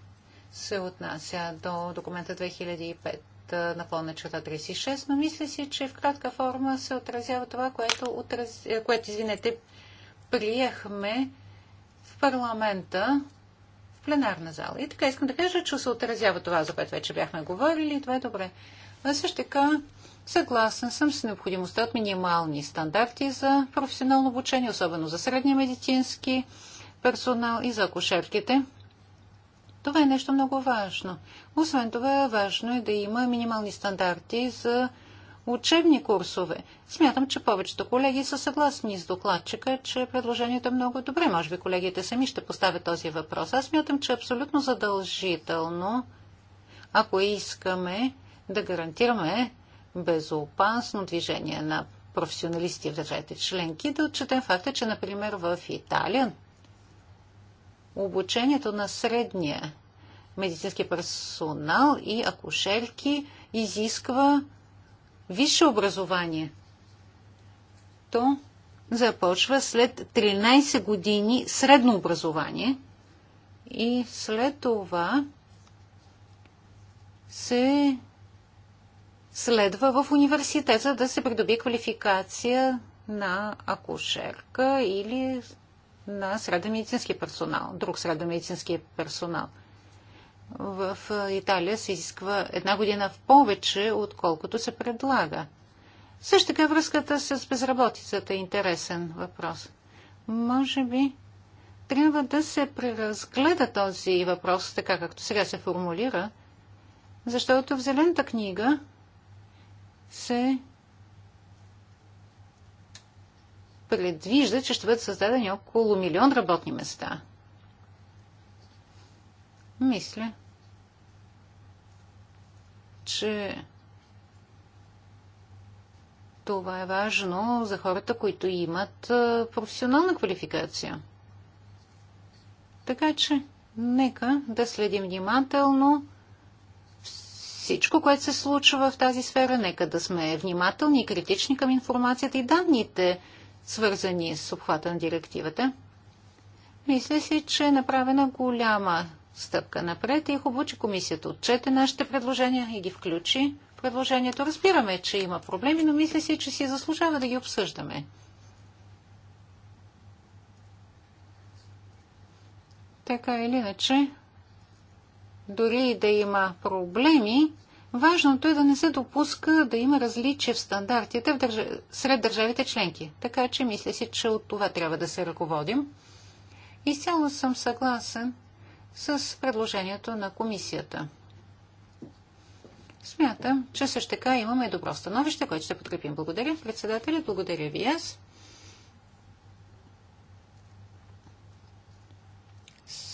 Speaker 2: се отнася до документа 2005 на черта 36, но мисля си, че в кратка форма се отразява това, което, отраз... Е, което извинете, приехме в парламента в пленарна зала. И така искам да кажа, че се отразява това, за което вече бяхме говорили това е добре. А също така Съгласен съм с необходимостта от минимални стандарти за професионално обучение, особено за средния медицински персонал и за акушерките. Това е нещо много важно. Освен това, важно е да има минимални стандарти за учебни курсове. Смятам, че повечето колеги са съгласни с докладчика, че предложението е много добре. Може би колегите сами ще поставят този въпрос. Аз смятам, че е абсолютно задължително, ако искаме да гарантираме безопасно движение на професионалисти в държавите членки, да отчетем факта, че, например, в Италия обучението на средния медицински персонал и акушерки изисква висше образование. То започва след 13 години средно образование и след това се следва в университета да се придоби квалификация на акушерка или на средомедицински персонал, друг средомедицински персонал. В Италия се изисква една година в повече, отколкото се предлага. Също така връзката с безработицата е интересен въпрос. Може би трябва да се преразгледа този въпрос, така както сега се формулира, защото в Зелената книга се предвижда, че ще бъдат създадени около милион работни места. Мисля, че това е важно за хората, които имат професионална квалификация. Така че, нека да следим внимателно всичко, което се случва в тази сфера. Нека да сме внимателни и критични към информацията и данните, свързани с обхвата на директивата. Мисля си, че е направена голяма стъпка напред и е хубаво, че комисията отчете нашите предложения и ги включи в предложението. Разбираме, че има проблеми, но мисля си, че си заслужава да ги обсъждаме. Така или иначе, дори да има проблеми, важното е да не се допуска да има различие в стандартите в държ... сред държавите членки. Така че мисля си, че от това трябва да се ръководим. Изцяло съм съгласен с предложението на комисията. Смятам, че също така имаме добро становище, което ще подкрепим. Благодаря. Председателя, благодаря ви аз.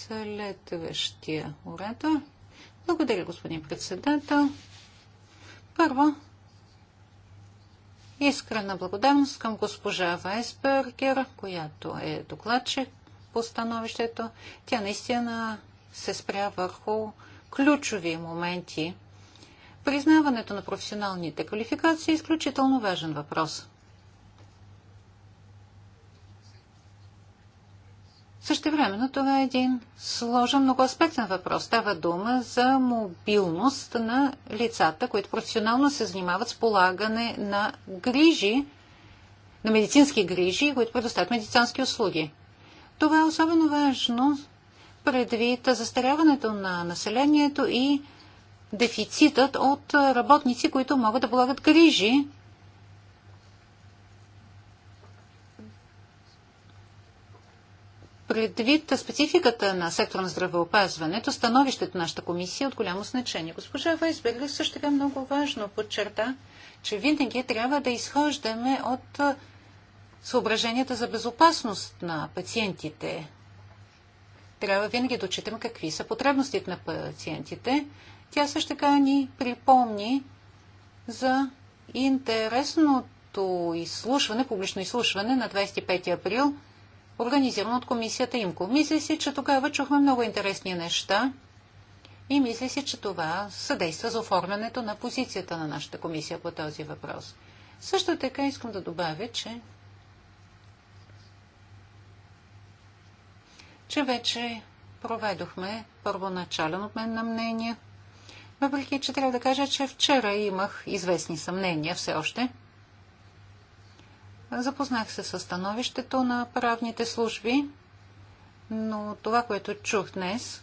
Speaker 2: следващия оратор. Благодаря, господин председател. Първо, искрена благодарност към госпожа Вайсбергер, която е докладчик по становището. Тя наистина се спря върху ключови моменти. Признаването на професионалните квалификации е изключително важен въпрос. Също времено това е един сложен много аспектен въпрос. Става дума за мобилност на лицата, които професионално се занимават с полагане на грижи, на медицински грижи, които предоставят медицински услуги. Това е особено важно предвид застаряването на населението и дефицитът от работници, които могат да полагат грижи Предвид спецификата на сектора на здравеопазването, становището на нашата комисия е от голямо значение. Госпожа Вайсбергер също така много важно подчерта, че винаги трябва да изхождаме от съображенията за безопасност на пациентите. Трябва винаги да отчитаме какви са потребностите на пациентите. Тя също така ни припомни за интересното изслушване, публично изслушване на 25 април организирано от комисията ИМКО. Мисля си, че тогава чухме много интересни неща и мисля си, че това съдейства за оформянето на позицията на нашата комисия по този въпрос. Също така искам да добавя, че че вече проведохме първоначален обмен на мнения, въпреки че трябва да кажа, че вчера имах известни съмнения все още – Запознах се с становището на правните служби, но това, което чух днес,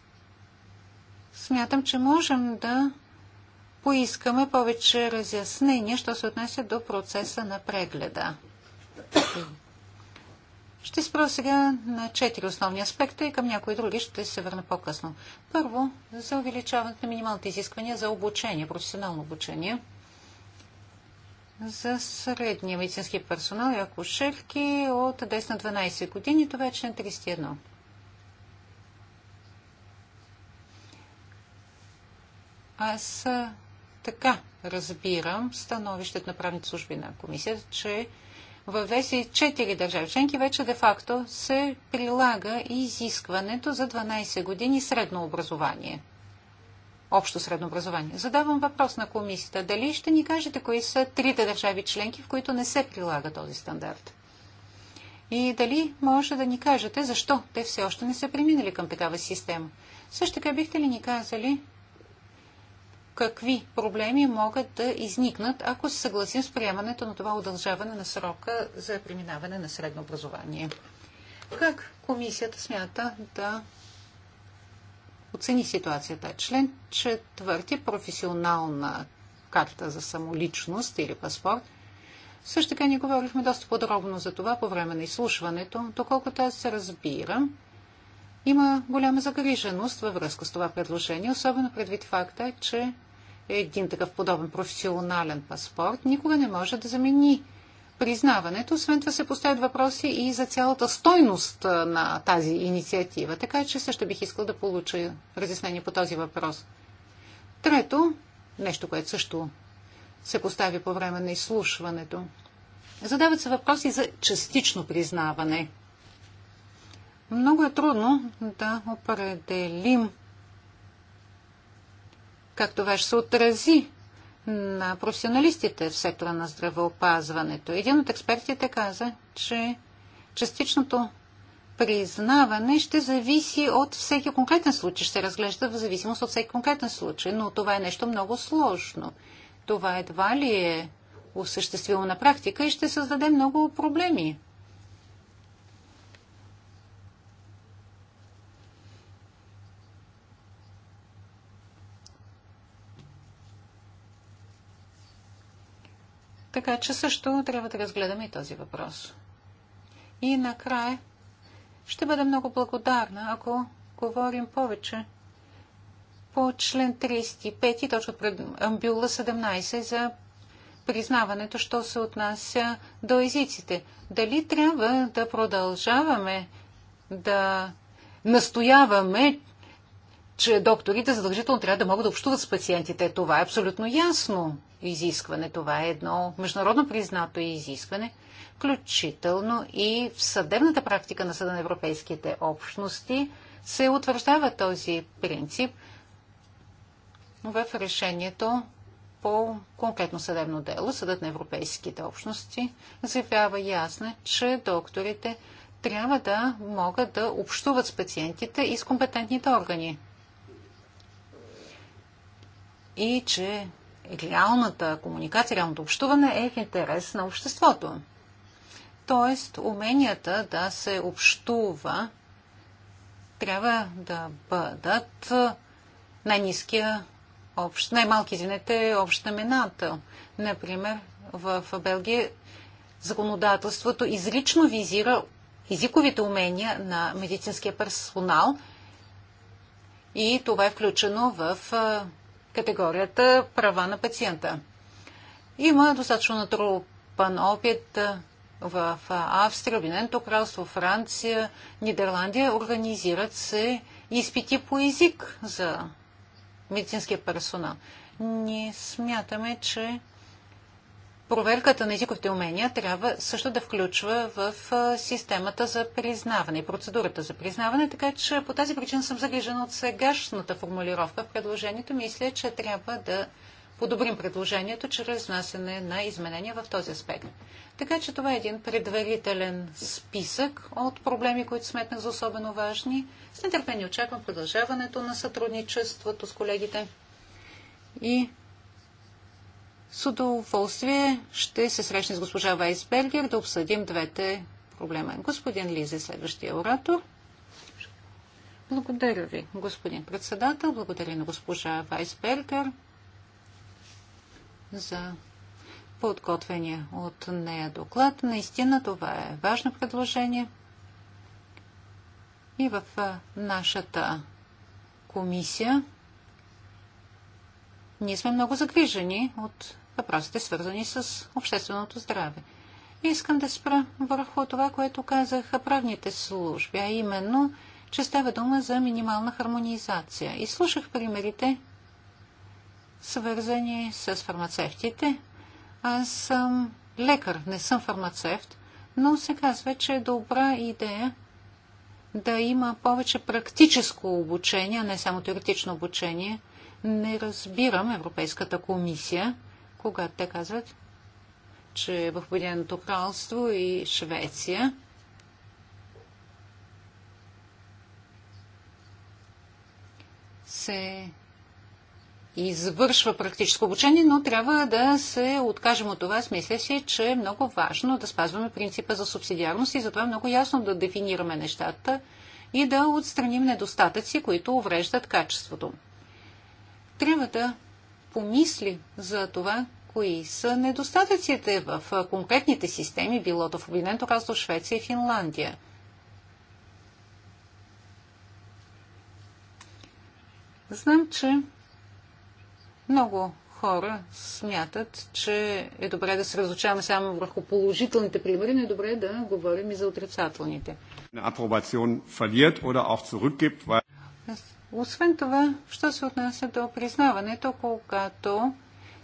Speaker 2: смятам, че можем да поискаме повече разяснения, що се отнася до процеса на прегледа. Ще спра сега на четири основни аспекта и към някои други ще се върна по-късно. Първо, за увеличаването на минималните изисквания за обучение, професионално обучение – за средния медицински персонал и акушерки от 10 на 12 години. Това е член 31. Аз така разбирам становището на правните служби на комисията, че в 24 държави членки вече де-факто се прилага изискването за 12 години средно образование – общо средно образование. Задавам въпрос на комисията. Дали ще ни кажете кои са трите държави членки, в които не се прилага този стандарт? И дали може да ни кажете защо те все още не са преминали към такава система? Също така бихте ли ни казали какви проблеми могат да изникнат, ако се съгласим с приемането на това удължаване на срока за преминаване на средно образование? Как комисията смята да оцени ситуацията. Член четвърти, професионална карта за самоличност или паспорт. Също така ни говорихме доста подробно за това по време на изслушването. Доколкото аз се разбира, има голяма загриженост във връзка с това предложение, особено предвид факта, че един такъв подобен професионален паспорт никога не може да замени признаването. Освен това се поставят въпроси и за цялата стойност на тази инициатива. Така че също бих искал да получа разяснение по този въпрос. Трето, нещо, което също се постави по време на изслушването. Задават се въпроси за частично признаване. Много е трудно да определим как това ще се отрази на професионалистите в сектора на здравеопазването. Един от експертите каза, че частичното признаване ще зависи от всеки конкретен случай, ще се разглежда в зависимост от всеки конкретен случай, но това е нещо много сложно. Това едва ли е осъществило на практика и ще създаде много проблеми. Така че също трябва да разгледаме и този въпрос. И накрая ще бъда много благодарна, ако говорим повече по член 35, точно пред амбюла 17 за признаването, що се отнася до езиците. Дали трябва да продължаваме да настояваме, че докторите задължително трябва да могат да общуват с пациентите? Това е абсолютно ясно изискване. Това е едно международно признато изискване, включително и в съдебната практика на Съда на Европейските общности се утвърждава този принцип в решението по конкретно съдебно дело. Съдът на Европейските общности заявява ясно, че докторите трябва да могат да общуват с пациентите и с компетентните органи. И че реалната комуникация, реалното общуване е в интерес на обществото. Тоест, уменията да се общува трябва да бъдат най-ниския общ, най-малки, извинете, общ наменател. Например, в Белгия законодателството изрично визира езиковите умения на медицинския персонал и това е включено в категорията права на пациента. Има достатъчно натрупан опит в Австрия, Обединеното кралство, Франция, Нидерландия. Организират се изпити по език за медицинския персонал. Ние смятаме, че проверката на езиковите умения трябва също да включва в системата за признаване и процедурата за признаване, така че по тази причина съм загрижена от сегашната формулировка в предложението. Мисля, че трябва да подобрим предложението чрез внасяне на изменения в този аспект. Така че това е един предварителен списък от проблеми, които сметнах за особено важни. С нетърпение очаквам продължаването на сътрудничеството с колегите и с удоволствие ще се срещне с госпожа Вайсбергер да обсъдим двете проблема. Господин Лизе, следващия оратор. Благодаря ви, господин председател. Благодаря на госпожа Вайсбергер за подготвения от нея доклад. Наистина това е важно предложение. И в нашата комисия ние сме много загрижени от въпросите, свързани с общественото здраве. Искам да спра върху това, което казаха правните служби, а именно, че става дума за минимална хармонизация. И слушах примерите, свързани с фармацевтите. Аз съм лекар, не съм фармацевт, но се казва, че е добра идея да има повече практическо обучение, а не само теоретично обучение. Не разбирам Европейската комисия когато те казват, че е в Обединеното кралство и Швеция се извършва практическо обучение, но трябва да се откажем от това. Смисля си, че е много важно да спазваме принципа за субсидиарност и затова е много ясно да дефинираме нещата и да отстраним недостатъци, които увреждат качеството. Трябва да помисли за това, кои са недостатъците в конкретните системи, било то в Обединеното кралство, Швеция и Финландия. Знам, че много хора смятат, че е добре да се разучаваме само върху положителните примери, но е добре да говорим и за отрицателните. Освен това, що се отнася до признаването, когато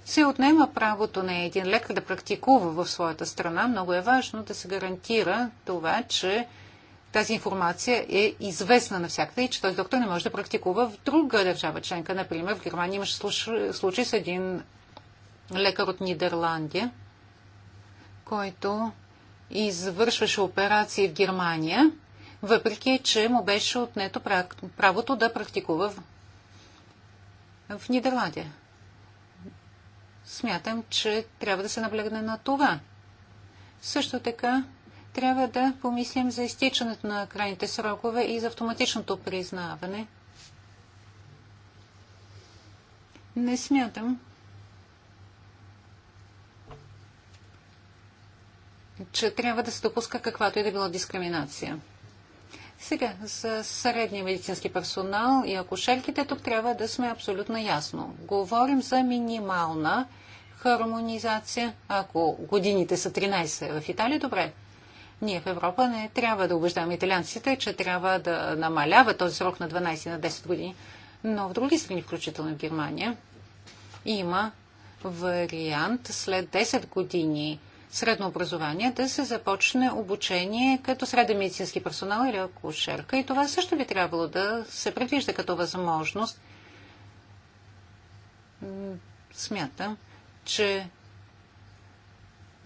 Speaker 2: се отнема правото на един лекар да практикува в своята страна, много е важно да се гарантира това, че тази информация е известна навсякъде и че този доктор не може да практикува в друга държава членка. Например, в Германия имаше случай с един лекар от Нидерландия, който извършваше операции в Германия – въпреки че му беше отнето правото да практикува в, в Нидерландия. Смятам, че трябва да се наблегне на това. Също така трябва да помислим за изтичането на крайните срокове и за автоматичното признаване. Не смятам, че трябва да се допуска каквато и да била дискриминация. Сега, за средния медицински персонал и акушерките тук трябва да сме абсолютно ясно. Говорим за минимална хармонизация. Ако годините са 13 в Италия, добре. Ние в Европа не трябва да убеждаваме италианците, че трябва да намалява този срок на 12 на 10 години. Но в други страни, включително в Германия, има вариант след 10 години средно образование да се започне обучение като среден медицински персонал или акушерка. И това също би трябвало да се предвижда като възможност. Смятам, че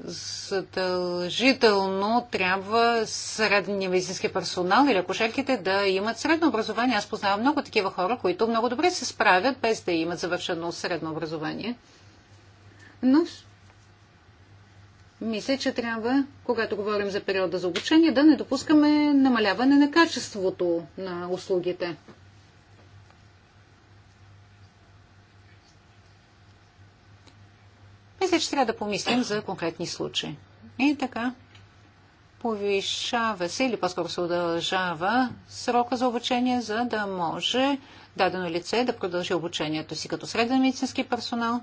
Speaker 2: задължително трябва средния медицински персонал или акушерките да имат средно образование. Аз познавам много такива хора, които много добре се справят без да имат завършено средно образование. Но мисля, че трябва, когато говорим за периода за обучение, да не допускаме намаляване на качеството на услугите. Мисля, че трябва да помислим за конкретни случаи. И така, повишава се или по-скоро се удължава срока за обучение, за да може дадено лице да продължи обучението си като среден медицински персонал.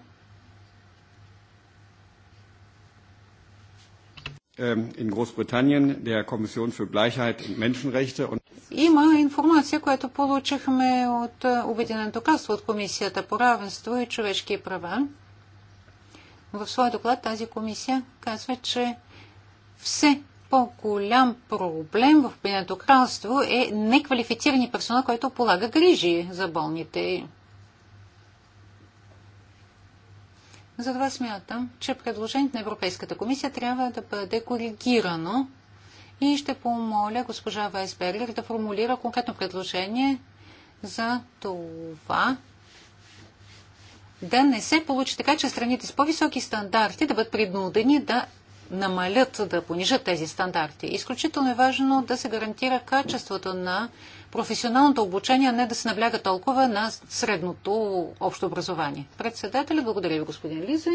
Speaker 2: Ähm, in Großbritannien der Kommission für Gleichheit und Menschenrechte. Има информация, която получихме от е, Обединеното кралство, от Комисията по равенство и човешки права. В своя доклад тази комисия казва, че все по-голям проблем в Обединеното кралство е неквалифицирани персонал, който полага грижи за болните Затова смятам, че предложението на Европейската комисия трябва да бъде коригирано и ще помоля госпожа Вайсбергер да формулира конкретно предложение за това да не се получи така, че страните с по-високи стандарти да бъдат принудени да намалят, да понижат тези стандарти. Изключително е важно да се гарантира качеството на професионалното обучение, а не да се набляга толкова на средното общо образование. Председателя, благодаря ви, господин Лизе.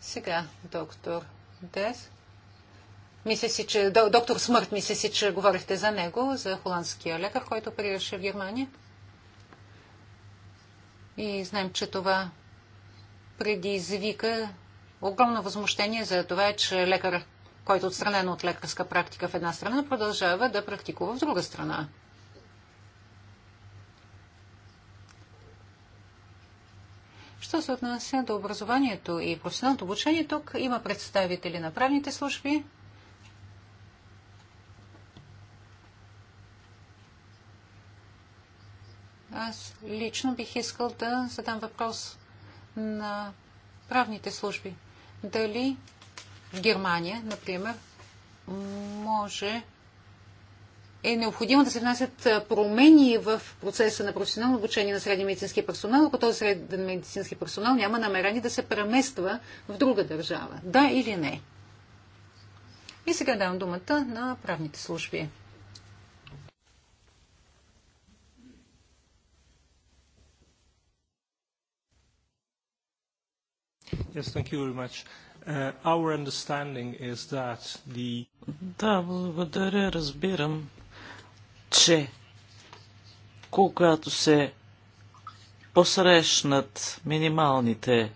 Speaker 2: Сега, доктор Дес. Мисля си, че доктор Смърт, мисля си, че говорихте за него, за холандския лекар, който приеше в Германия. И знаем, че това предизвика огромно възмущение за това, че лекар който е отстранен от лекарска практика в една страна, продължава да практикува в друга страна. Що се отнася до образованието и професионалното обучение, тук има представители на правните служби. Аз лично бих искал да задам въпрос на правните служби. Дали в Германия, например, може е необходимо да се внасят промени в процеса на професионално обучение на средния медицински персонал, ако този среден медицински персонал няма намерение да се премества в друга държава. Да или не? И сега давам думата на правните служби.
Speaker 1: Yes, thank you very much. Uh, our understanding is that the... Да, благодаря, разбирам, че когато се посрещнат минималните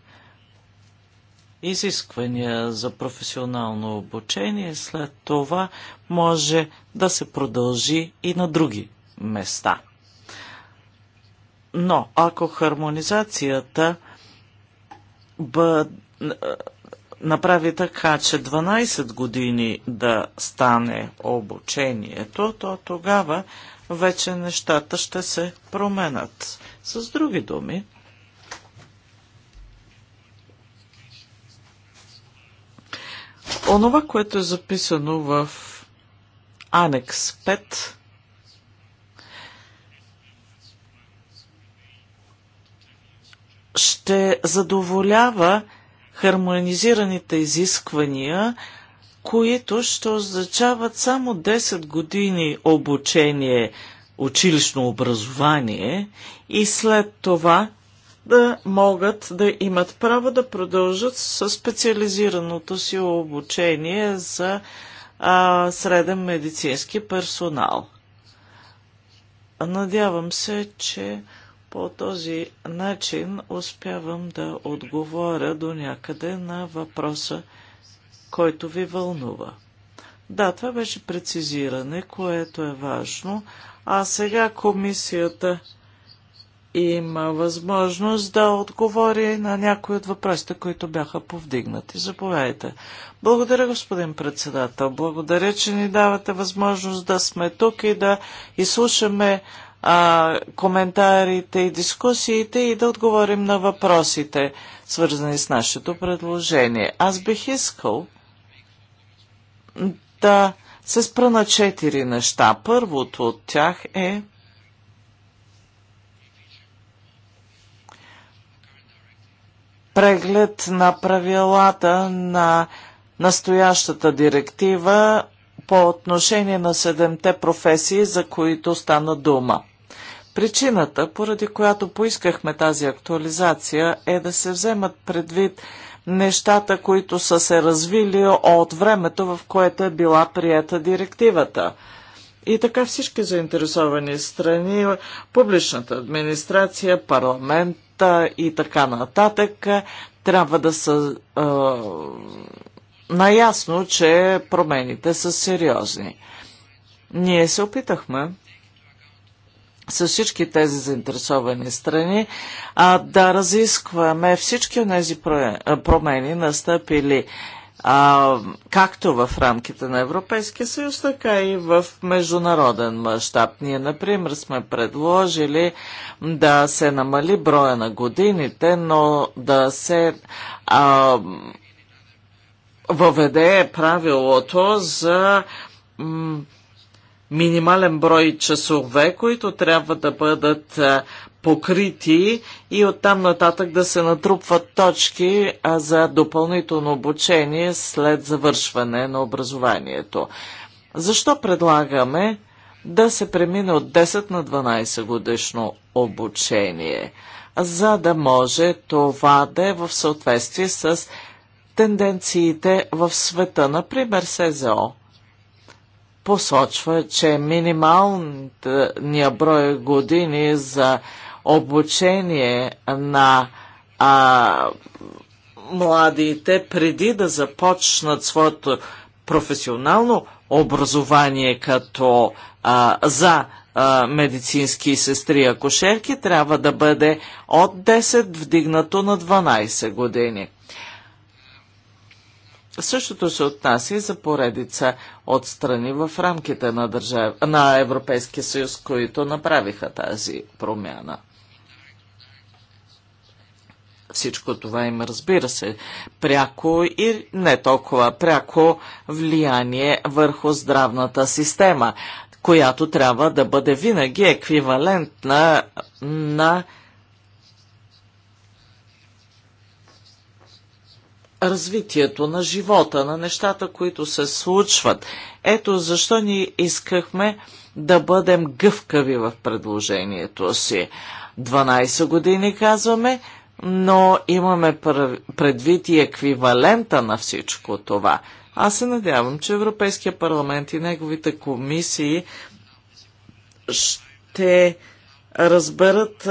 Speaker 1: изисквания за професионално обучение, след това може да се продължи и на други места. Но ако хармонизацията бъде направи така, че 12 години да стане обучението, то тогава вече нещата ще се променят. С други думи, онова, което е записано в Анекс 5, ще задоволява хармонизираните изисквания, които ще означават само 10 години обучение, училищно образование и след това да могат да имат право да продължат със специализираното си обучение за а, среден медицински персонал. Надявам се, че по този начин успявам да отговоря до някъде на въпроса, който ви вълнува. Да, това беше прецизиране, което е важно. А сега комисията има възможност да отговори на някои от въпросите, които бяха повдигнати. Заповядайте. Благодаря, господин председател. Благодаря, че ни давате възможност да сме тук и да изслушаме а, коментарите и дискусиите и да отговорим на въпросите, свързани с нашето предложение. Аз бих искал да се спра на четири неща. Първото от тях е преглед на правилата на настоящата директива по отношение на седемте професии, за които стана дума. Причината, поради която поискахме тази актуализация, е да се вземат предвид нещата, които са се развили от времето, в което е била приета директивата. И така всички заинтересовани страни, публичната администрация, парламента и така нататък, трябва да са е, наясно, че промените са сериозни. Ние се опитахме с всички тези заинтересовани страни, а, да разискваме всички от тези промени, настъпили а, както в рамките на Европейския съюз, така и в международен мащаб. Ние, например, сме предложили да се намали броя на годините, но да се а, въведе правилото за минимален брой часове, които трябва да бъдат покрити и оттам нататък да се натрупват точки за допълнително обучение след завършване на образованието. Защо предлагаме да се премине от 10 на 12 годишно обучение, за да може това да е в съответствие с тенденциите в света, например СЗО посочва, че минималният брой години за обучение на а, младите преди да започнат своето професионално образование като а, за а, медицински сестри акушерки трябва да бъде от 10 вдигнато на 12 години. Същото се отнася и за поредица от страни в рамките на, държав... на Европейския съюз, които направиха тази промяна. Всичко това има, разбира се, пряко и не толкова пряко влияние върху здравната система, която трябва да бъде винаги еквивалентна на, на развитието на живота, на нещата, които се случват. Ето защо ни искахме да бъдем гъвкави в предложението си. 12 години казваме, но имаме предвид и еквивалента на всичко това. Аз се надявам, че Европейския парламент и неговите комисии ще разберат,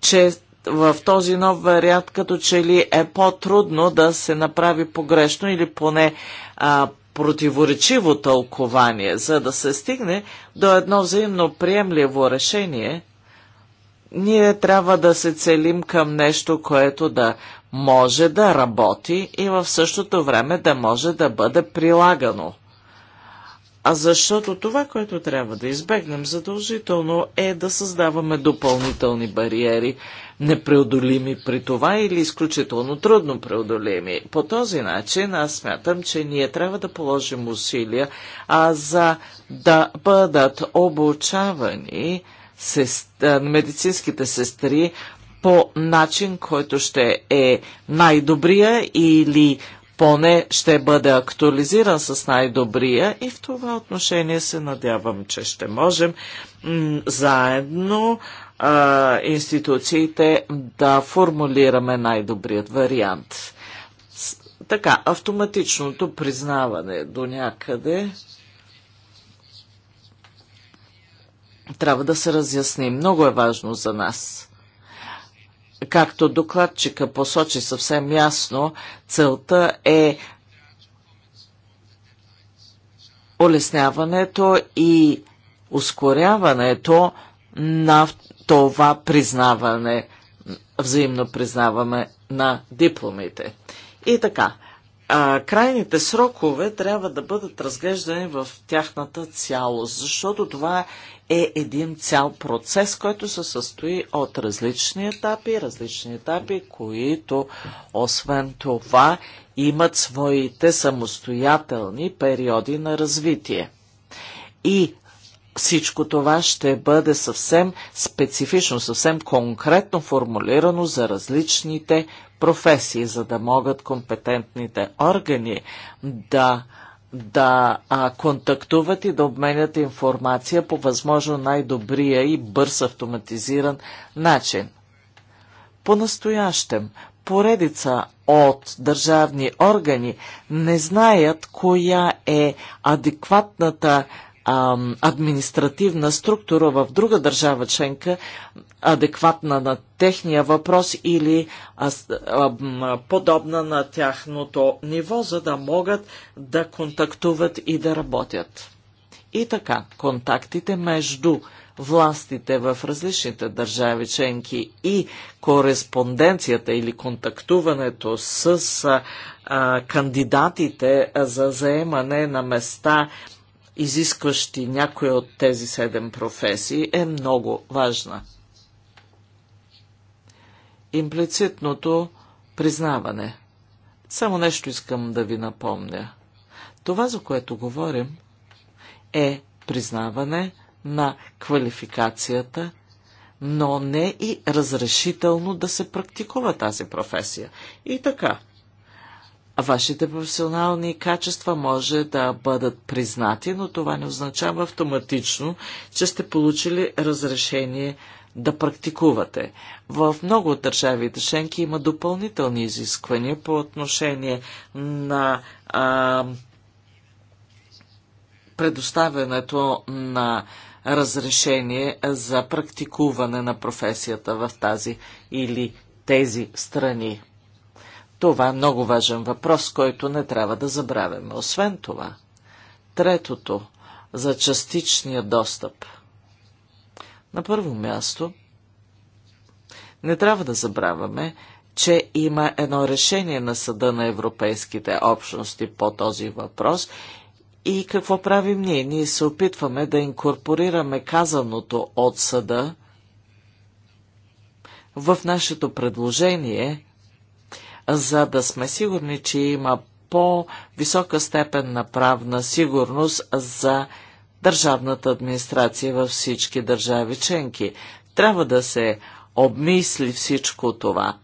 Speaker 1: че в този нов вариант като че ли е по-трудно да се направи погрешно или поне а, противоречиво тълкование, за да се стигне до едно взаимно приемливо решение, ние трябва да се целим към нещо, което да може да работи и в същото време да може да бъде прилагано. А защото това, което трябва да избегнем задължително е да създаваме допълнителни бариери, непреодолими при това или изключително трудно преодолими. По този начин аз смятам, че ние трябва да положим усилия а за да бъдат обучавани сестр... медицинските сестри по начин, който ще е най-добрия или поне ще бъде актуализиран с най-добрия и в това отношение се надявам, че ще можем заедно а, институциите да формулираме най-добрият вариант. Така, автоматичното признаване до някъде трябва да се разясни. Много е важно за нас както докладчика посочи съвсем ясно, целта е улесняването и ускоряването на това признаване, взаимно признаване на дипломите. И така, а, крайните срокове трябва да бъдат разглеждани в тяхната цялост, защото това е е един цял процес, който се състои от различни етапи, различни етапи, които освен това имат своите самостоятелни периоди на развитие. И всичко това ще бъде съвсем специфично, съвсем конкретно формулирано за различните професии, за да могат компетентните органи да да а, контактуват и да обменят информация по възможно най-добрия и бърз автоматизиран начин. По-настоящем поредица от държавни органи не знаят коя е адекватната административна структура в друга държава членка, адекватна на техния въпрос или а, а, подобна на тяхното ниво, за да могат да контактуват и да работят. И така, контактите между властите в различните държави членки и кореспонденцията или контактуването с а, кандидатите за заемане на места изискващи някои от тези седем професии е много важна имплицитното признаване. Само нещо искам да ви напомня. Това, за което говорим, е признаване на квалификацията, но не и разрешително да се практикува тази професия. И така, вашите професионални качества може да бъдат признати, но това не означава автоматично, че сте получили разрешение да практикувате. В много от държавите Шенки има допълнителни изисквания по отношение на а, предоставянето на разрешение за практикуване на професията в тази или тези страни. Това е много важен въпрос, който не трябва да забравяме. Освен това, третото за частичния достъп – на първо място, не трябва да забравяме, че има едно решение на Съда на Европейските общности по този въпрос и какво правим ние? Ние се опитваме да инкорпорираме казаното от съда в нашето предложение, за да сме сигурни, че има по-висока степен на правна сигурност за държавната администрация във всички държави членки. Трябва да се обмисли всичко това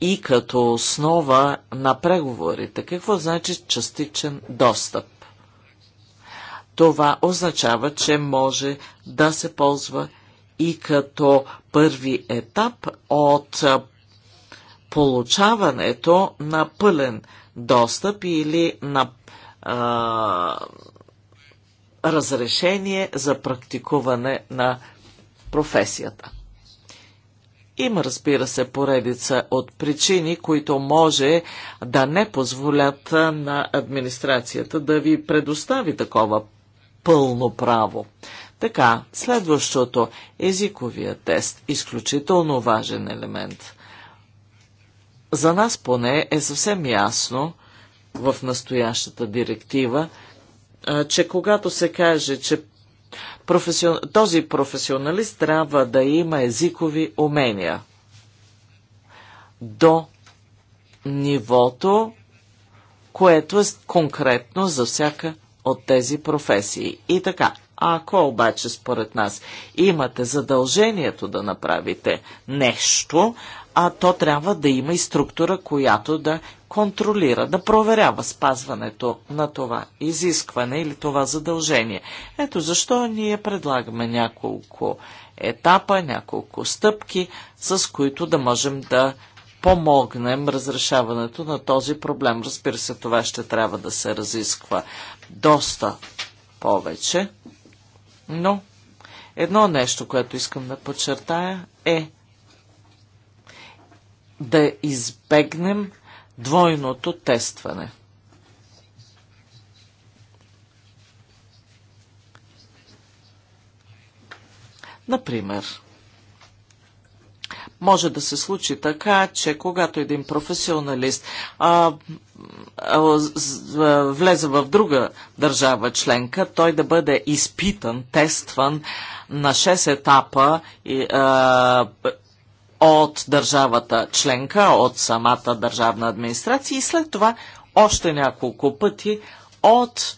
Speaker 1: и като основа на преговорите. Какво значи частичен достъп? Това означава, че може да се ползва и като първи етап от получаването на пълен достъп или на а, разрешение за практикуване на професията. Има, разбира се, поредица от причини, които може да не позволят на администрацията да ви предостави такова пълно право. Така, следващото езиковия тест, изключително важен елемент. За нас поне е съвсем ясно в настоящата директива, че когато се каже, че професион... този професионалист трябва да има езикови умения до нивото, което е конкретно за всяка от тези професии. И така, ако обаче според нас имате задължението да направите нещо, а то трябва да има и структура, която да контролира, да проверява спазването на това изискване или това задължение. Ето защо ние предлагаме няколко етапа, няколко стъпки, с които да можем да помогнем разрешаването на този проблем. Разбира се, това ще трябва да се разисква доста повече, но едно нещо, което искам да подчертая е да избегнем двойното тестване. Например, може да се случи така, че когато един професионалист а, а, а, влезе в друга държава членка, той да бъде изпитан, тестван на 6 етапа и, а, от държавата членка, от самата държавна администрация и след това още няколко пъти от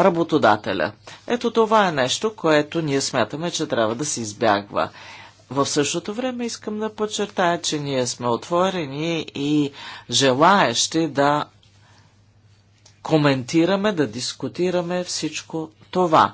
Speaker 1: работодателя. Ето това е нещо, което ние смятаме, че трябва да се избягва. В същото време искам да подчертая, че ние сме отворени и желаещи да коментираме, да дискутираме всичко това.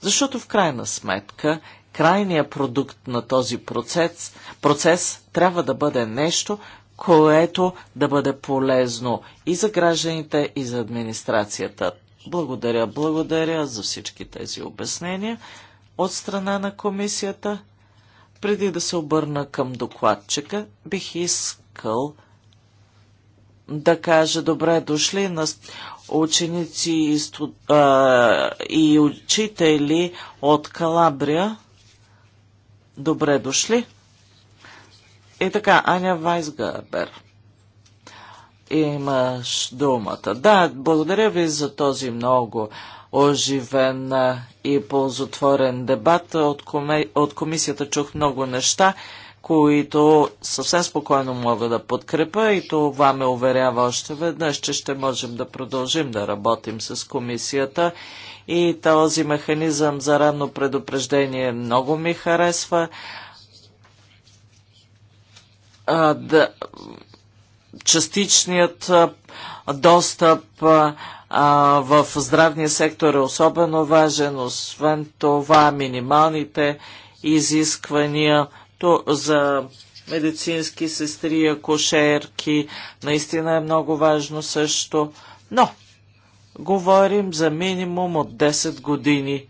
Speaker 1: Защото в крайна сметка крайният продукт на този процес, процес трябва да бъде нещо, което да бъде полезно и за гражданите, и за администрацията. Благодаря, благодаря за всички тези обяснения от страна на комисията. Преди да се обърна към докладчика, бих искал да кажа добре дошли на ученици и, студ... а, и учители от Калабрия Добре дошли. И така, Аня Вайсгабер. Имаш думата. Да, благодаря ви за този много оживен и ползотворен дебат. От, коми... от комисията чух много неща, които съвсем спокойно мога да подкрепа и това ме уверява още веднъж, че ще можем да продължим да работим с комисията и този механизъм за ранно предупреждение много ми харесва. А, да, частичният достъп а, в здравния сектор е особено важен. Освен това, минималните изисквания то, за медицински сестри, акушерки, наистина е много важно също. Но говорим за минимум от 10 години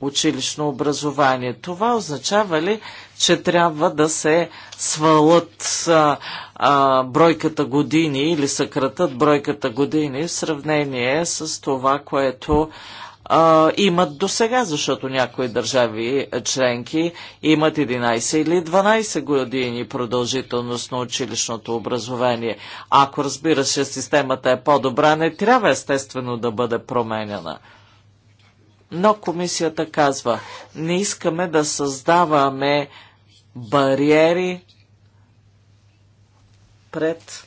Speaker 1: училищно образование. Това означава ли, че трябва да се свалят а, а, бройката години или съкратат бройката години в сравнение с това, което а, имат до сега, защото някои държави е, членки имат 11 или 12 години продължителност на училищното образование. Ако разбира се, системата е по-добра, не трябва естествено да бъде променена. Но комисията казва, не искаме да създаваме бариери пред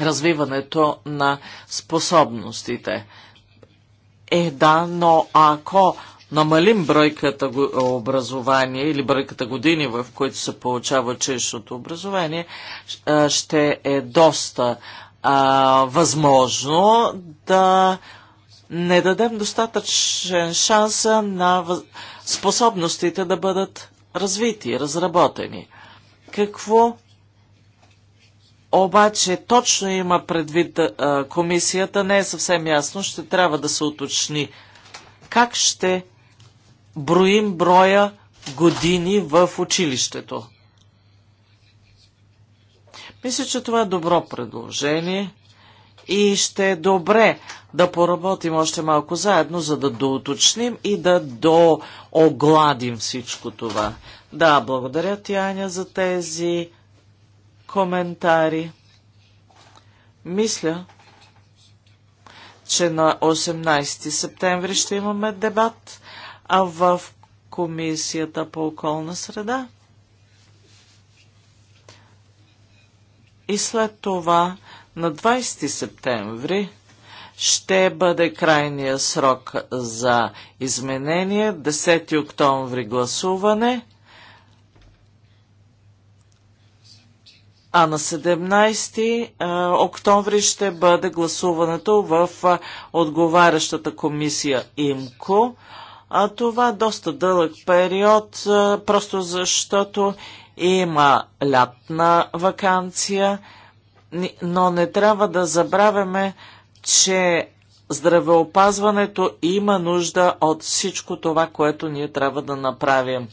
Speaker 1: развиването на способностите. Е, да, но ако намалим бройката е, образование или бройката години, в които се получава училищното образование, е, ще е доста а, е, възможно да не дадем достатъчен шанс на способностите да бъдат развити, разработени. Какво обаче точно има предвид а, комисията, не е съвсем ясно, ще трябва да се уточни как ще броим броя години в училището. Мисля, че това е добро предложение и ще е добре да поработим още малко заедно, за да доуточним и да доогладим всичко това. Да, благодаря ти, Аня, за тези коментари. Мисля, че на 18 септември ще имаме дебат, а в Комисията по околна среда. И след това на 20 септември ще бъде крайния срок за изменение, 10 октомври гласуване – А на 17 октомври ще бъде гласуването в отговарящата комисия ИМКО. А това е доста дълъг период, просто защото има лятна вакансия, но не трябва да забравяме, че здравеопазването има нужда от всичко това, което ние трябва да направим.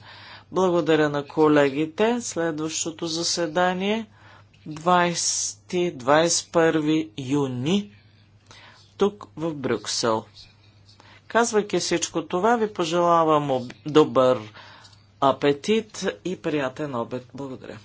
Speaker 1: Благодаря на колегите. Следващото заседание 20-21 юни тук в Брюксел. Казвайки всичко това, ви пожелавам добър апетит и приятен обед. Благодаря.